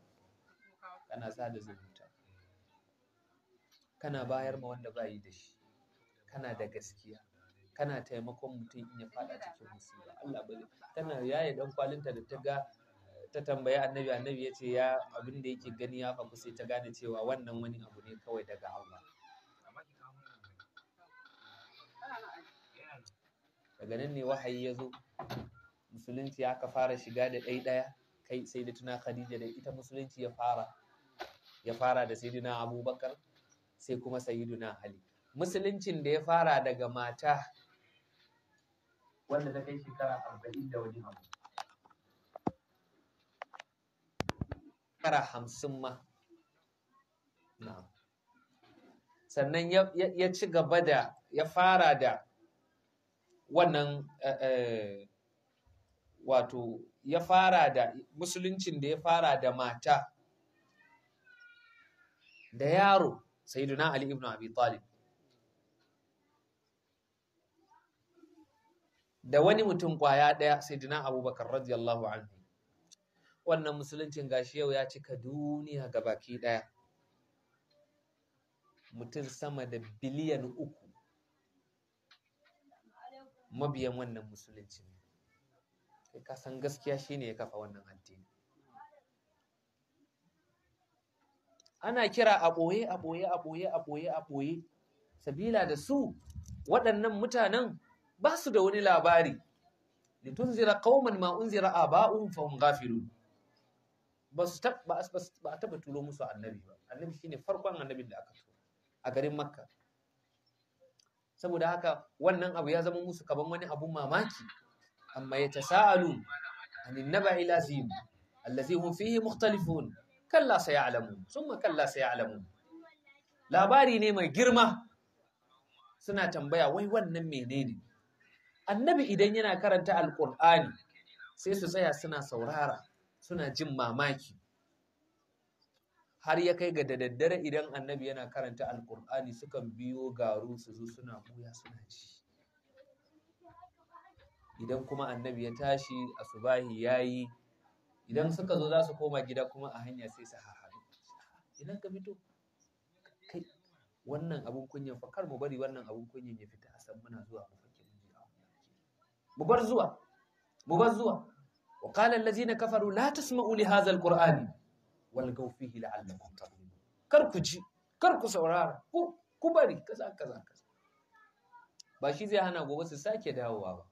kana sada zumunta kana bayar ma wanda bai da shi kana da gaskiya kana taimakon mutum in ya fada cikin musiba Allah ba zai tana yaye dan kwalinta da ta ga ta tambayi annabi annabi ya ce ya abin da yake gani ya faku sai ta gane cewa wannan wani abu ne kawai daga Allah daga nan ne wahayi ya zo musulunci aka fara shiga da ɗai ɗaya kai sai da tuna khadija da ita musulunci ya fara ya fara da sayyidina abubakar sai kuma sayyidina ali musuluncin da ya fara daga mata wanda ta kai shekara arba'in da wani abu shekara hamsin ma sannan ya ci gaba da ya fara da wannan eh, eh, wato ya fara da musuluncin da ya fara da mata da yaro sayyiduna ali ibn abi talib da wani mutum kwaya ɗaya sayyiduna abubakar radiyallahu anhu wannan musuluncin gashi yau ya cika duniya ga baki ɗaya mutum sama da biliyan uku mabiyan wannan musuluncin kai ka san gaskiya shine ya kafa wannan addini ana kira a ɓoye a ɓoye a ɓoye a ɓoye a ɓoye sabila da su waɗannan mutanen ba su da wani labari litunzira qauman ma unzira a fa hum ghafilun ba su ba taba turo musu annabi ba annabi shine farkon annabin da aka turo a garin makka saboda haka wannan abu ya zama musu kaban wani abun mamaki amma ya tasa'alu anin naba'il azim allazi hum fihi mukhtalifun kalla sayalamu summa kalla sayalamu labari ne mai girma suna tambaya wai wannan menene annabi idan yana karanta alqur'ani sai su tsaya suna saurara suna jin mamaki har ya kai ga da daddare idan annabi yana karanta alkur'ani sukan biyo garu su zo suna buya suna ci idan kuma annabi ya tashi asubahi yayi idan suka zo za su koma gida kuma a hanya sai su harhaɗu idan ka fito kai wannan abun kunyan fa kar mu bari wannan abun kunyan ya fita a san muna zuwa mu fake mu bar zuwa mu bar zuwa wa qala allazina kafaru la tasma'u li hadha alqur'ani walgaw fihi la'allakum taghlibun kar ku ji kar ku saurara ku bari kaza kaza ba shi zai hana gobe su sake dawowa ba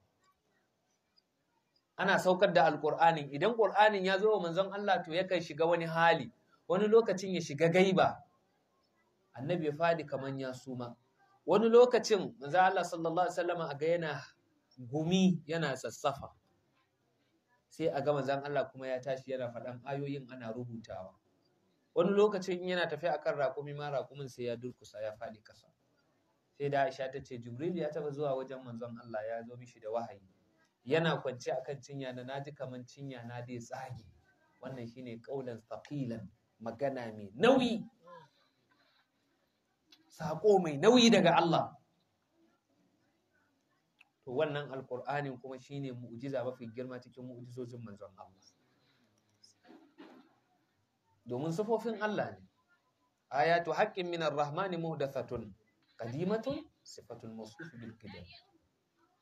ana saukar da alqur'anin idan qur'anin ya zo wa manzon Allah to yakan shiga wani hali wani lokacin ya shiga gaiba annabi ya fadi kaman ya suma wani lokacin manzon Allah sallallahu alaihi wasallam a ga yana gumi yana sassafa sai a ga manzon Allah kuma ya tashi yana faɗan ayoyin ana rubutawa wani lokacin yana tafiya akan rakumi ma rakumin sai ya durkusa ya faɗi ƙasa sai da Aisha ta ce Jibril ya taɓa zuwa wajen manzon Allah ya zo mishi da wahayi yana kwance akan cinya na naji kaman cinya na dai tsage wannan shine kaulan thaqilan magana mai nauyi sako mai nauyi daga Allah to wannan alƙur'anin kuma shine mu'jiza mafi girma cikin mu'jizojin manzon Allah domin sufofin Allah ne ayatu haqqin min arrahmani muhdathatun qadimatun sifatul mawsuf bil qadim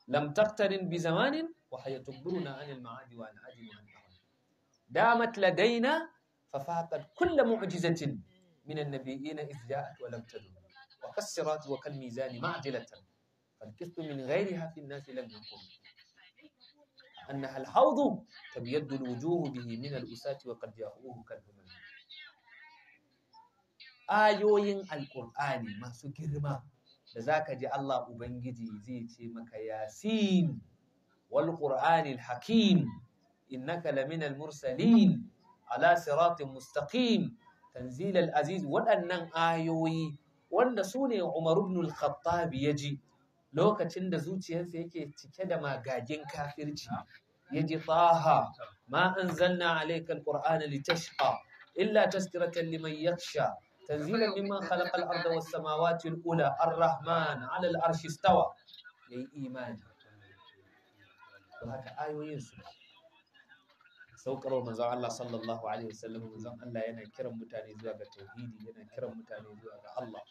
lam taqtarin bi zamanin wa hayatubruna an al ma'adi wa al al'adi wa al damat ladaina fa faqad kullu mu'jizatin min an-nabiyyin idh ja'at wa lam tadur وكسرت وكالميزان معدلة فالقسط من غيرها في الناس لم يكن أنها الحوض تبيد الوجوه به من الأساة وقد جاءوه كالهمم ayoyin alkur'ani masu girma da zaka ji Allah Ubangiji zai ce maka yasin wal qur'anil hakim innaka laminal mursalin ala siratin mustaqim tanzilal aziz waɗannan ayoyi wanda sune ne Umar ibn ya ji lokacin da zuciyarsa yake cike da magagin kafirci ya ji taha ma an zanna alaika alqur'ana litashqa illa tazkiratan liman yakhsha tanzilan mimman khalaqa al-ardha was samawati al-ula ar-rahman 'ala al-arshi istawa yayi imani to haka ayoyin su saukar manzon Allah sallallahu alaihi wasallam manzon Allah yana kiran mutane zuwa ga tauhidi yana kiran mutane zuwa ga Allah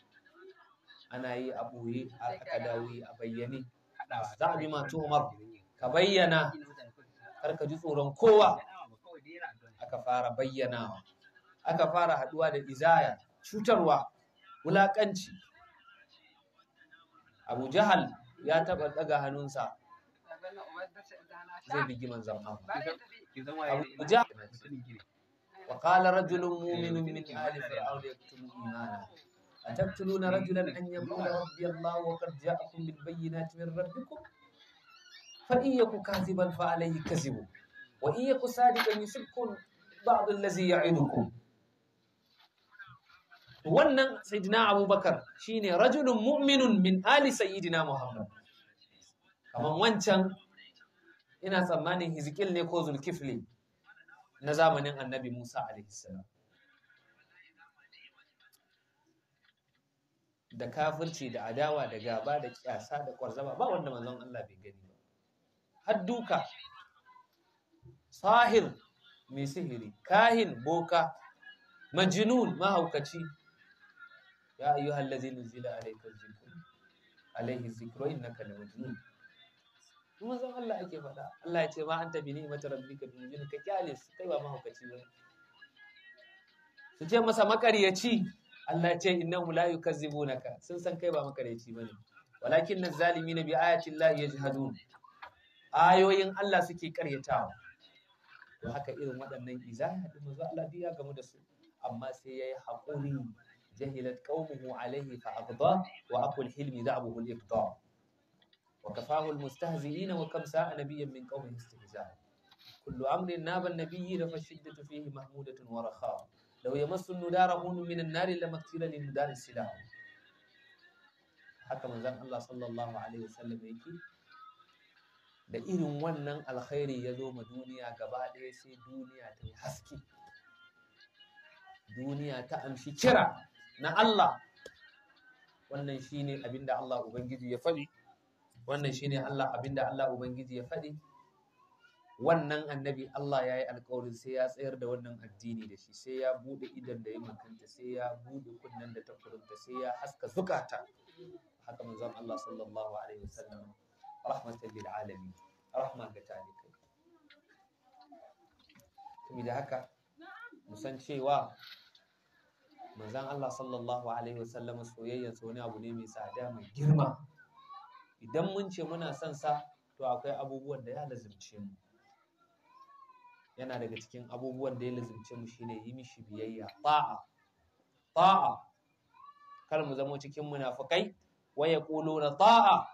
ana yi a ɓoye aka dawo a bayyane za a bi ma umar ka bayyana kar ka ji tsoron kowa aka fara bayyanawa aka fara haduwa da izaya cutarwa wulaƙanci abu jahal ya taɓa ɗaga hannunsa zai bigi manzan Allah abu jahal wa qala rajulun mu'minun min ali fir'auna yaktumu imanahu أتقتلون رجلا أن يقول ربي الله وقد جاءكم بالبينات من ربكم فإن يك كاذبا فعليه كذب وإن يك صادقا يصبكم بعض الذي يعدكم wannan sayyidina abubakar shine rajulun mu'minun min ali sayyidina muhammad kaman wancan ina tsammanin hizkil ne ko zulkifli na zamanin annabi musa alaihi da kafirci da adawa da gaba da kyasa da kwarzama ba wanda manzon Allah bai gani ba har duka sahir mai sihiri kahin boka majnun mahaukaci ya ayyuhal ladzina nuzila alayka zikr alayhi zikru innaka la majnun manzon Allah ake faɗa Allah ya ce ma anta bi ni'mati rabbika bi majnun ka kyale kai ba mahaukaci ba su ce masa makariyaci Allah ce innahum la yukazzibunaka sun san kai ba makareci bane walakin na bi ayati llahi yajhadun ayoyin Allah suke karyatawa to haka irin waɗannan iza da manzo Allah ya gamu da su amma sai yayi haƙuri jahilat qaumuhu alaihi fa abda wa aqul hilmi da'abuhu al-iqda wa kafahu al-mustahzi'ina wa kam sa'a nabiyyan min qaumihi istihza kullu amrin naba an-nabiyyi fa shiddatu fihi mahmudatun wa rakha law yamassu nudara hunu minan nari lamaktira lin nudari haka manzon Allah sallallahu alaihi wasallam yake da irin wannan alkhairi ya zo ma duniya gaba ɗaya sai duniya ta yi haske duniya ta amshi kira na Allah wannan shine abinda Allah ubangiji ya faɗi wannan shine Allah abinda Allah ubangiji ya faɗi wannan annabi Allah ya yi alkawarin sai ya tsayar da wannan addini da shi sai ya bude idan da ya makanta sai ya bude kunnen da takurunta sai ya haska zukata haka manzon Allah sallallahu alaihi wasallam rahmatan lil alamin rahma ga talikai kuma da haka mu san cewa manzon Allah sallallahu alaihi wasallam soyayya wani abu ne mai tsada mai girma idan mun ce muna son sa to akwai abubuwan da ya lazimce mu yana daga cikin abubuwan da ya lazimce mu shine yi mishi biyayya ta'a ta'a kar mu zamo cikin munafikai wa yaquluna ta'a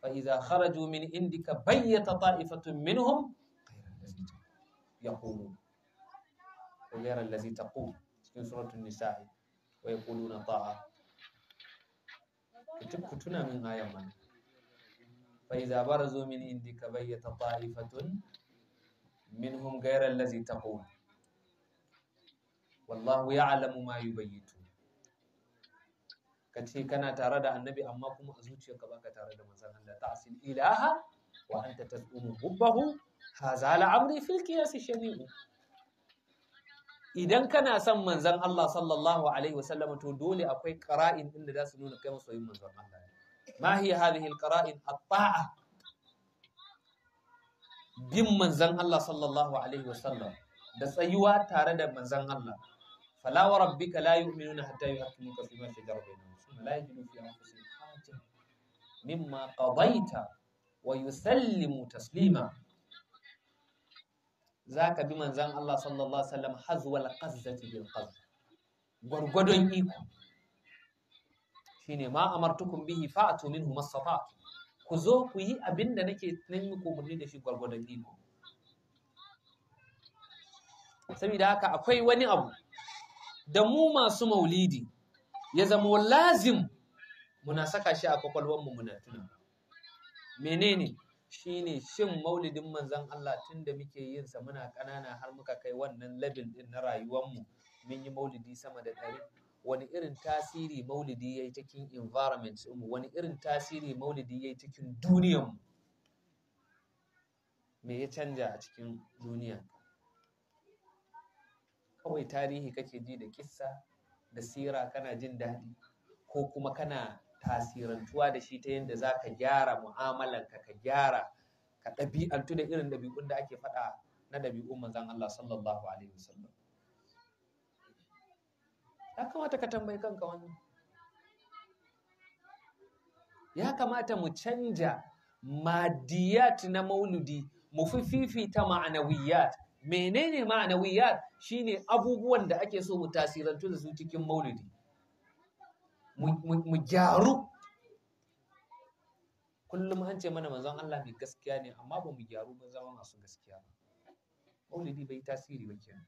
fa idza kharaju min indika bayyata ta'ifatun minhum yaqulun ghayra allazi taqul cikin suratul nisa wa yaquluna ta'a ku kutuna min ayyaman fa idza barazu min indika bayyata ta'ifatun minhum ghayra allazi taqul wallahu ya'lamu ma yubayyitu kace kana tare da annabi amma kuma a zuciyarka baka tare da manzon Allah ta'sil ilaha wa anta tasqumu hubbahu hadha al'amri fil qiyas shani'u idan kana son manzon Allah sallallahu alaihi wasallam to dole akwai qara'in din da za su nuna kai masoyin manzon Allah ma hiya hadhihi al-qara'in at-ta'a bin manzan Allah sallallahu alaihi wasallam da tsayuwa tare da manzan Allah fala wa rabbika la yu'minuna hatta yuhaqqimuka fima shajara bainahum thumma la yajidu fi anfusihim harajan mimma qadaita wa yusallimu taslima Za ka bi manzan Allah sallallahu alaihi wasallam hazwal qazzati bil qazz gwargwadon iko shine ma amartukum bihi fa'atu minhu mastata'tum ku zo ku yi abin da nake nan muku umarni da shi gwargwadon ku. saboda haka akwai wani abu da mu masu maulidi ya zama lazim muna saka shi a kwakwalwarmu muna tuna menene shine shin maulidin manzon Allah tunda muke yin sa muna ƙanana har muka kai wannan labin din na rayuwarmu mun yi maulidi sama da ɗari wani irin tasiri maulidi ya yi cikin environment mu wani irin tasiri maulidi ya yi cikin mu me ya canja a cikin duniya kawai tarihi kake ji da kissa da sira kana jin daɗi ko kuma kana tasirantuwa da shi ta yadda za ka gyara mu'amalanka ka ka gyara ka ɗabi'antu da irin ɗabi'un da ake faɗa na ɗabi'un manzan Allah sallallahu alaihi wasallam ya kamata ka tambayi kanka wannan ya kamata mu canja madiyat na mauludi mu fi fifita ma'anawiyat menene ma'anawiyat shine abubuwan da ake so mu tasirantu da su cikin mauludi mu gyaru kullum an ce mana manzon Allah mai gaskiya ne amma ba mu gyaru ba zama masu gaskiya ba mauludi bai tasiri ba kenan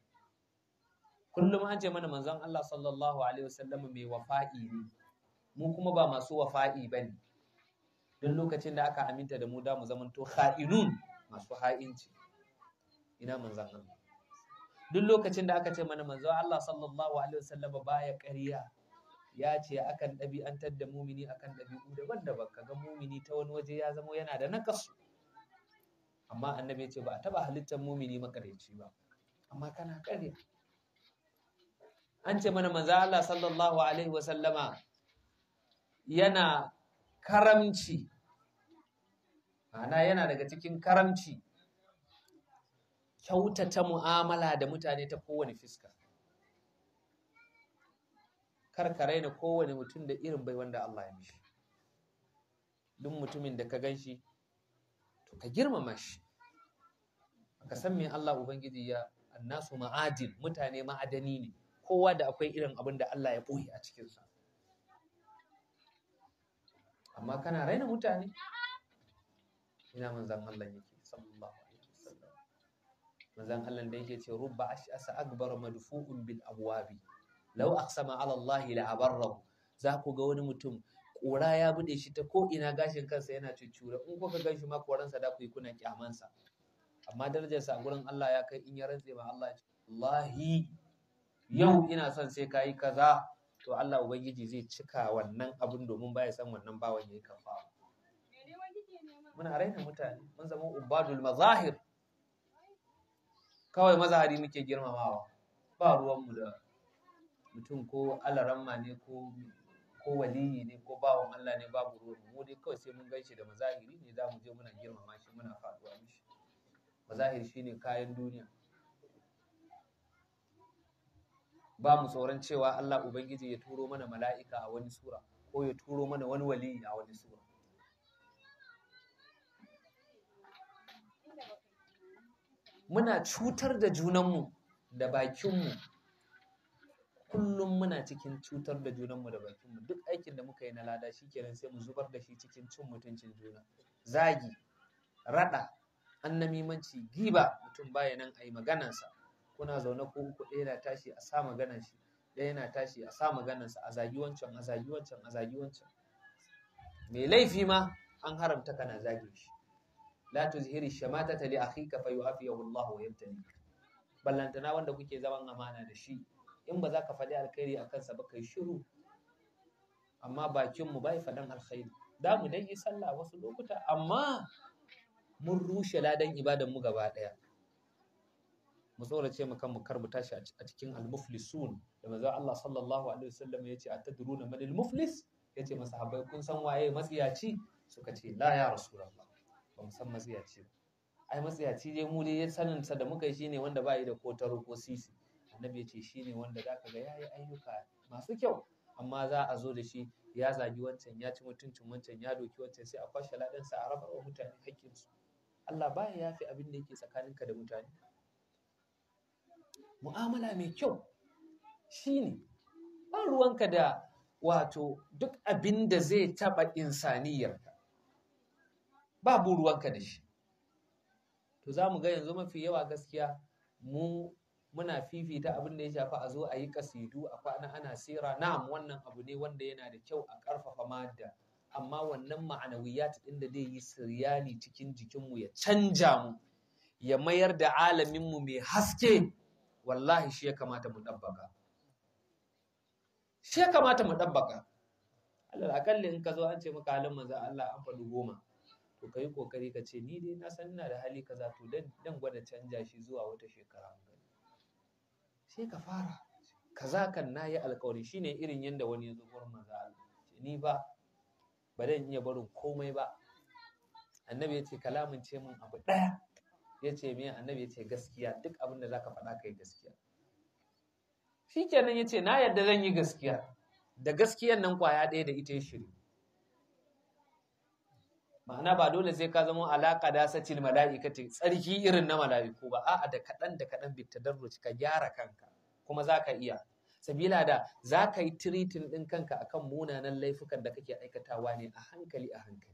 kullum an ce mana manzon Allah sallallahu alaihi wasallam mai wafa'i ne mu kuma ba masu wafa'i bane don lokacin da aka aminta da mu da mu to kha'inun masu ha'inci ina manzon Allah duk lokacin da aka ce mana manzon Allah sallallahu alaihi wasallam baya ƙarya ya ce akan ɗabi'antar da mumini akan ɗabi'u daban-daban kaga mumini ta wani waje ya zama yana da nakasu amma annabi ya ce ba a taɓa halittar mumini makarici ba amma kana ƙarya an ce mana manzo Allah sallallahu alaihi wasallama yana karamci ma'ana yana daga cikin karamci kyautata mu'amala da mutane ta kowane fiska karka raina kowane mutum da irin bai wanda Allah ya mishi duk mutumin da ka gan shi to ka girmama shi ka san me Allah Ubangiji ya annasu ma'adil, mutane ma'adani ne kowa da akwai irin abin da Allah ya ɓoye a cikinsa amma kana raina mutane ina manzan Allah yake sallallahu alaihi wasallam manzan Allah da yake ce rubba ash'asa akbar madfu'un bil Abuwabi. Lau aqsama ala Allah la abarrahu za ku ga wani mutum ƙura ya buɗe shi ta ko'ina gashin kansa yana cucura in kuka gan shi ma koransa da ku yi kuna kyamansa amma darajarsa a gurin Allah ya kai in ya rantse ma Allah ya ce wallahi yau ina son sai ka yi kaza to Allah ubangiji zai cika wannan abin domin baya san wannan bawan yayi kafa. muna raina mutane mun zama ubadul mazahir kawai mazahari muke girmamawa ba ruwanmu da mutum ko alaramma ne ko ko waliyi ne ko bawan Allah ne babu ruwanmu mu dai kawai sai mun gaishe da mazahiri ne za mu je muna girmama shi muna faɗuwa mishi mazahiri shine kayan duniya ba mu tsoron cewa Allah Ubangiji ya turo mana mala'ika a wani sura ko ya turo mana wani waliyi a wani sura. Muna cutar da junanmu da bakinmu, kullum muna cikin cutar da junanmu da bakinmu duk aikin da muka yi na lada shi kenan sai mu zubar da shi cikin cin mutuncin juna. Zagi, raɗa, annamimanci, giba mutum baya nan a yi maganansa. kuna zaune ko uku ɗaya na tashi a sa maganar shi ɗaya na tashi a sa maganar sa a zagi wancan a zagi wancan a zagi wancan mai laifi ma an haramta kana zagi shi la tuzhiri shamatata li akhika fa yu'afiyahu Allah wa yabtali ballantana wanda kuke zaman amana da shi in ba za ka faɗi alkhairi a kansa ba kai shiru amma bakin mu bai faɗan alkhairi da mu dai yi sallah wasu lokuta amma mun rushe ladan ibadan mu gaba ɗaya mu ce mu kanmu kar mu tashi a cikin al-muflisun da manzo Allah sallallahu alaihi wasallam yace tadruna man al-muflis yace masahabai kun san waye matsiyaci suka ce la ya rasulullah ba mu san matsiyaci ai matsiyaci dai mu dai sanin sa da muka yi shine wanda ba yi da kotaro ko sisi annabi yace shine wanda zaka ga yayi ayyuka masu kyau amma za a zo da shi ya zagi wancan ya ci mutuncin wancan ya doki wancan sai a kwashe ladansa a raba wa mutane hakkinsu Allah baya yafi abin da yake tsakaninka da mutane mu'amala mai kyau shi ne, ba ruwanka da wato duk abin da zai taɓa insaniyarka babu ruwanka da shi to za mu ga yanzu mafi yawa gaskiya mu muna fifita abin da ya shafa a zo a yi kasidu a kwana ana sera na'am wannan abu ne wanda yana da kyau a ƙarfafa madda amma wannan ma'anawiyat ɗin da zai yi siriyani cikin jikinmu ya canja mu ya mayar da alaminmu mai haske wallahi shi ya kamata mu ɗabbaka. shi ya kamata mu ɗabbaka Allah akalli in ka zo an ce maka halin manzo Allah an faɗi goma to yi kokari ka ce ni dai na san ina da hali kaza to dan dan gwada canja shi zuwa wata shekara sai ka fara kaza kan yi alƙawari shine irin yadda wani ya zo gurin manzo Allah ni ba ba dan iya barin komai ba annabi ya ce kalamin ce min abu ɗaya ya ce me annabi ya ce gaskiya duk abin da zaka faɗa ka yi gaskiya shikenan ya ce na yadda zan yi gaskiya da gaskiyan nan kwaya ɗaya da ita ya shiri ma'ana ba dole sai ka zama alaƙa da satil mala'ikati tsarki irin na mala'iku ba a'a da kaɗan da kaɗan bi tadarruci ka gyara kanka kuma za ka iya sabila da za ka yi tiritin ɗin kanka akan munanan laifukan da kake aikatawa ne a hankali a hankali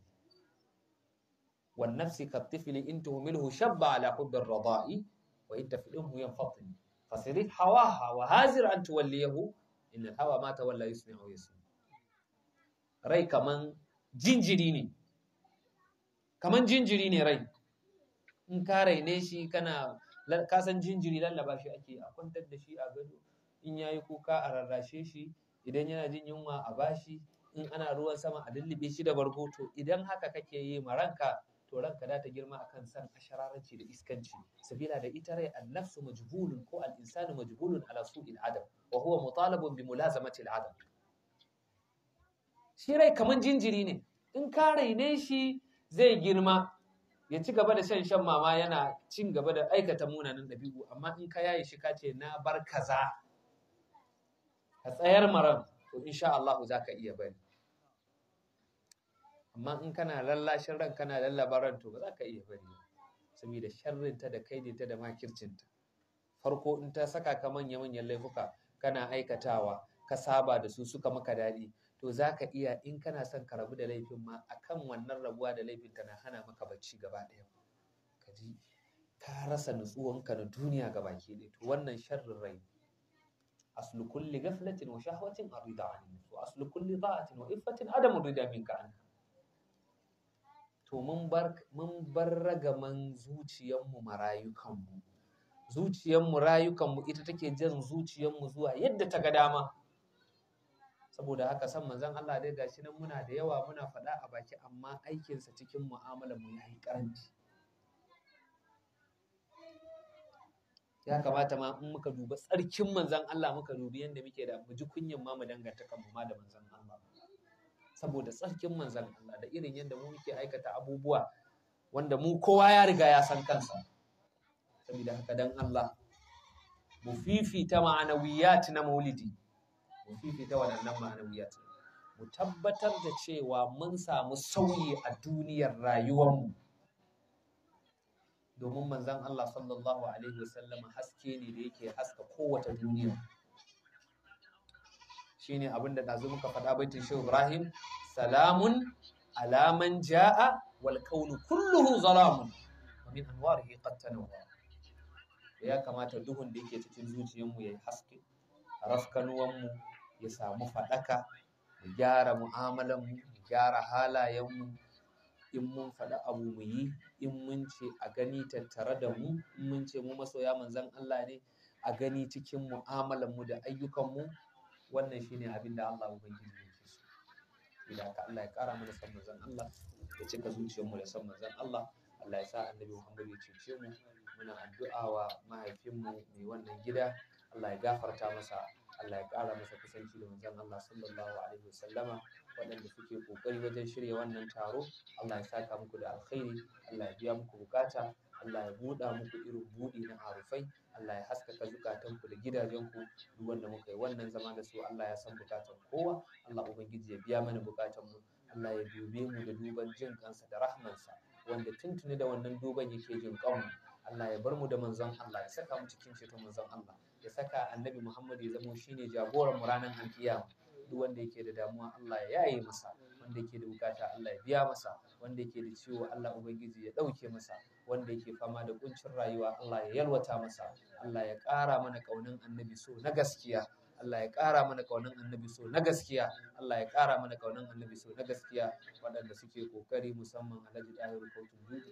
wan nafsi katifili in tuhmilhu shabba ala hubbir rada'i wa in tafilhu yanfatil fasirif hawaha wa hazir an tuwalliyahu innal hawa ma tawalla yusmi'u yasmi rai kaman jinjiri ne kaman jinjiri ne rai in ka raine shi kana ka san jinjiri lallaba shi ake a kwantar da shi a gado in yayi kuka a rarrashe shi idan yana jin yunwa a bashi in ana ruwan sama a lullube shi da bargo to idan haka kake yi ma ranka to ranka da ta girma akan san ashararanci da iskanci sabila da ita rai annafsu majbulun ko al-insanu majbulun ala su'il adam wa huwa mutalabun bi mulazamati al-adam shi rai kaman jinjiri ne in ka raine shi zai girma ya ci gaba da shan shan mama yana cin gaba da aikata munanan ɗabi'u amma in ka yaye shi ka ce na bar kaza ka tsayar maran to insha Allah za ka iya bari amma in kana lallashin ran kana lallabaran to ba za ka iya bari ba saboda sharrinta da kaidinta da makircinta farko in ta saka ka manya manyan laifuka kana aikatawa ka saba da su suka maka daɗi to za ka iya in kana son ka rabu da laifin ma a kan wannan rabuwa da laifin tana hana maka bacci gaba ɗaya ka ji ka rasa nutsuwanka na duniya ga baki ɗaya to wannan sharrin rai aslu kulli ghaflatin wa shahwatin arida an to aslu kulli da'atin wa iffatin adam rida ka an to mun bar ragaman zuciyanmu marayukanmu zuciyanmu rayukanmu ita take jan zuciyanmu zuwa yadda ta ga dama saboda haka san manzon Allah dai gashi nan muna da yawa muna faɗa a baki amma aikinsa cikin mu'amalar mu yayi karanci ya kamata ma in muka duba tsarkin manzon Allah muka dubi yanda muke da mu ji kunyan ma mu danganta kanmu ma da manzon saboda tsarkin manzan Allah da irin yadda mu muke aikata abubuwa wanda mu kowa ya riga ya san kansa saboda haka dan Allah mu fifita ma'anawiyat na maulidi mu fifita waɗannan ma'anawiyat mu tabbatar da cewa mun samu sauyi a duniyar rayuwar mu, domin manzan Allah sallallahu alaihi wasallam haske ne da yake haska kowace duniya shine abin da ɗazu muka faɗa baitin shehu ibrahim salamun alaman ja'a wal kaunu kulluhu zalamun wa min anwarihi qad tanawwa ya kamata duhun da yake cikin mu ya haske mu ya samu faɗaka ya gyara mu'amalanmu mu gyara halayenmu in mun faɗi abu mu yi in mun ce a gani tattare da mu in mun ce mu masoya manzon Allah ne a gani cikin mu da ayyukan mu wannan shine abin da Allah ubangiji yake so idan ka Allah ya kara mana san manzon Allah ya cika zuciyarmu da san manzon Allah Allah ya sa annabi Muhammad ya cece mu muna addu'a wa mahaifinmu mai wannan gida Allah ya gafarta masa Allah ya ƙara masa kusanci da manzon Allah sallallahu alaihi wasallama waɗanda suke ƙoƙari wajen shirya wannan taro Allah ya saka muku da alkhairi Allah ya biya muku buƙata, Allah ya buɗa muku irin buɗi na harufai Allah ya haskaka zukatanku da gidajenku duk wanda muka yi wannan zama da su Allah ya san bukatan kowa Allah ubangiji ya biya mana bukatan mu Allah ya dube mu da duban jin kansa da rahmansa wanda tuntuni da wannan duban yake jin kanmu Allah ya bar mu da manzon Allah ya saka mu cikin ceton manzon Allah ya saka annabi Muhammad ya zamo shine jagoran mu ranar alkiyama duk wanda yake da damuwa Allah ya yaye masa wanda yake da bukata Allah ya biya masa wanda yake da ciwo Allah ubangiji ya ɗauke masa wanda yake fama da kuncin rayuwa Allah ya yalwata masa Allah ya ƙara mana ƙaunin annabi so na gaskiya Allah ya ƙara mana ƙaunin annabi so na gaskiya Allah ya ƙara mana ƙaunin annabi so na gaskiya waɗanda suke ƙoƙari musamman Alhaji Dahiru Kautun Dudu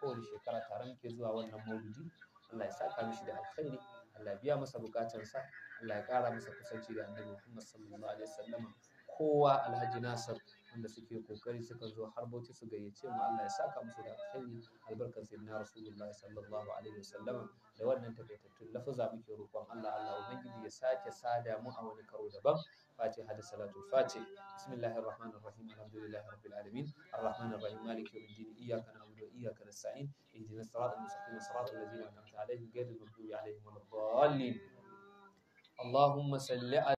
kowane shekara taron ke zuwa wannan maulidi Allah ya saka mishi da alkhairi Allah ya biya masa bukatarsa Allah ya ƙara masa kusanci da annabi Muhammad sallallahu alaihi wasallam kowa Alhaji Nasir wanda suke kokari suka zo har bauchi su gayyace mu Allah ya saka musu da alkhairi albarkar na rasulullahi sallallahu alaihi wasallam da wannan takaitattun lafaza muke roƙon Allah Allah ubangiji ya sake sada mu a wani karo daban fati hada salatu fati bismillahir rahmanir rahim alhamdulillahi rabbil alamin arrahmanir rahim maliki مالك يوم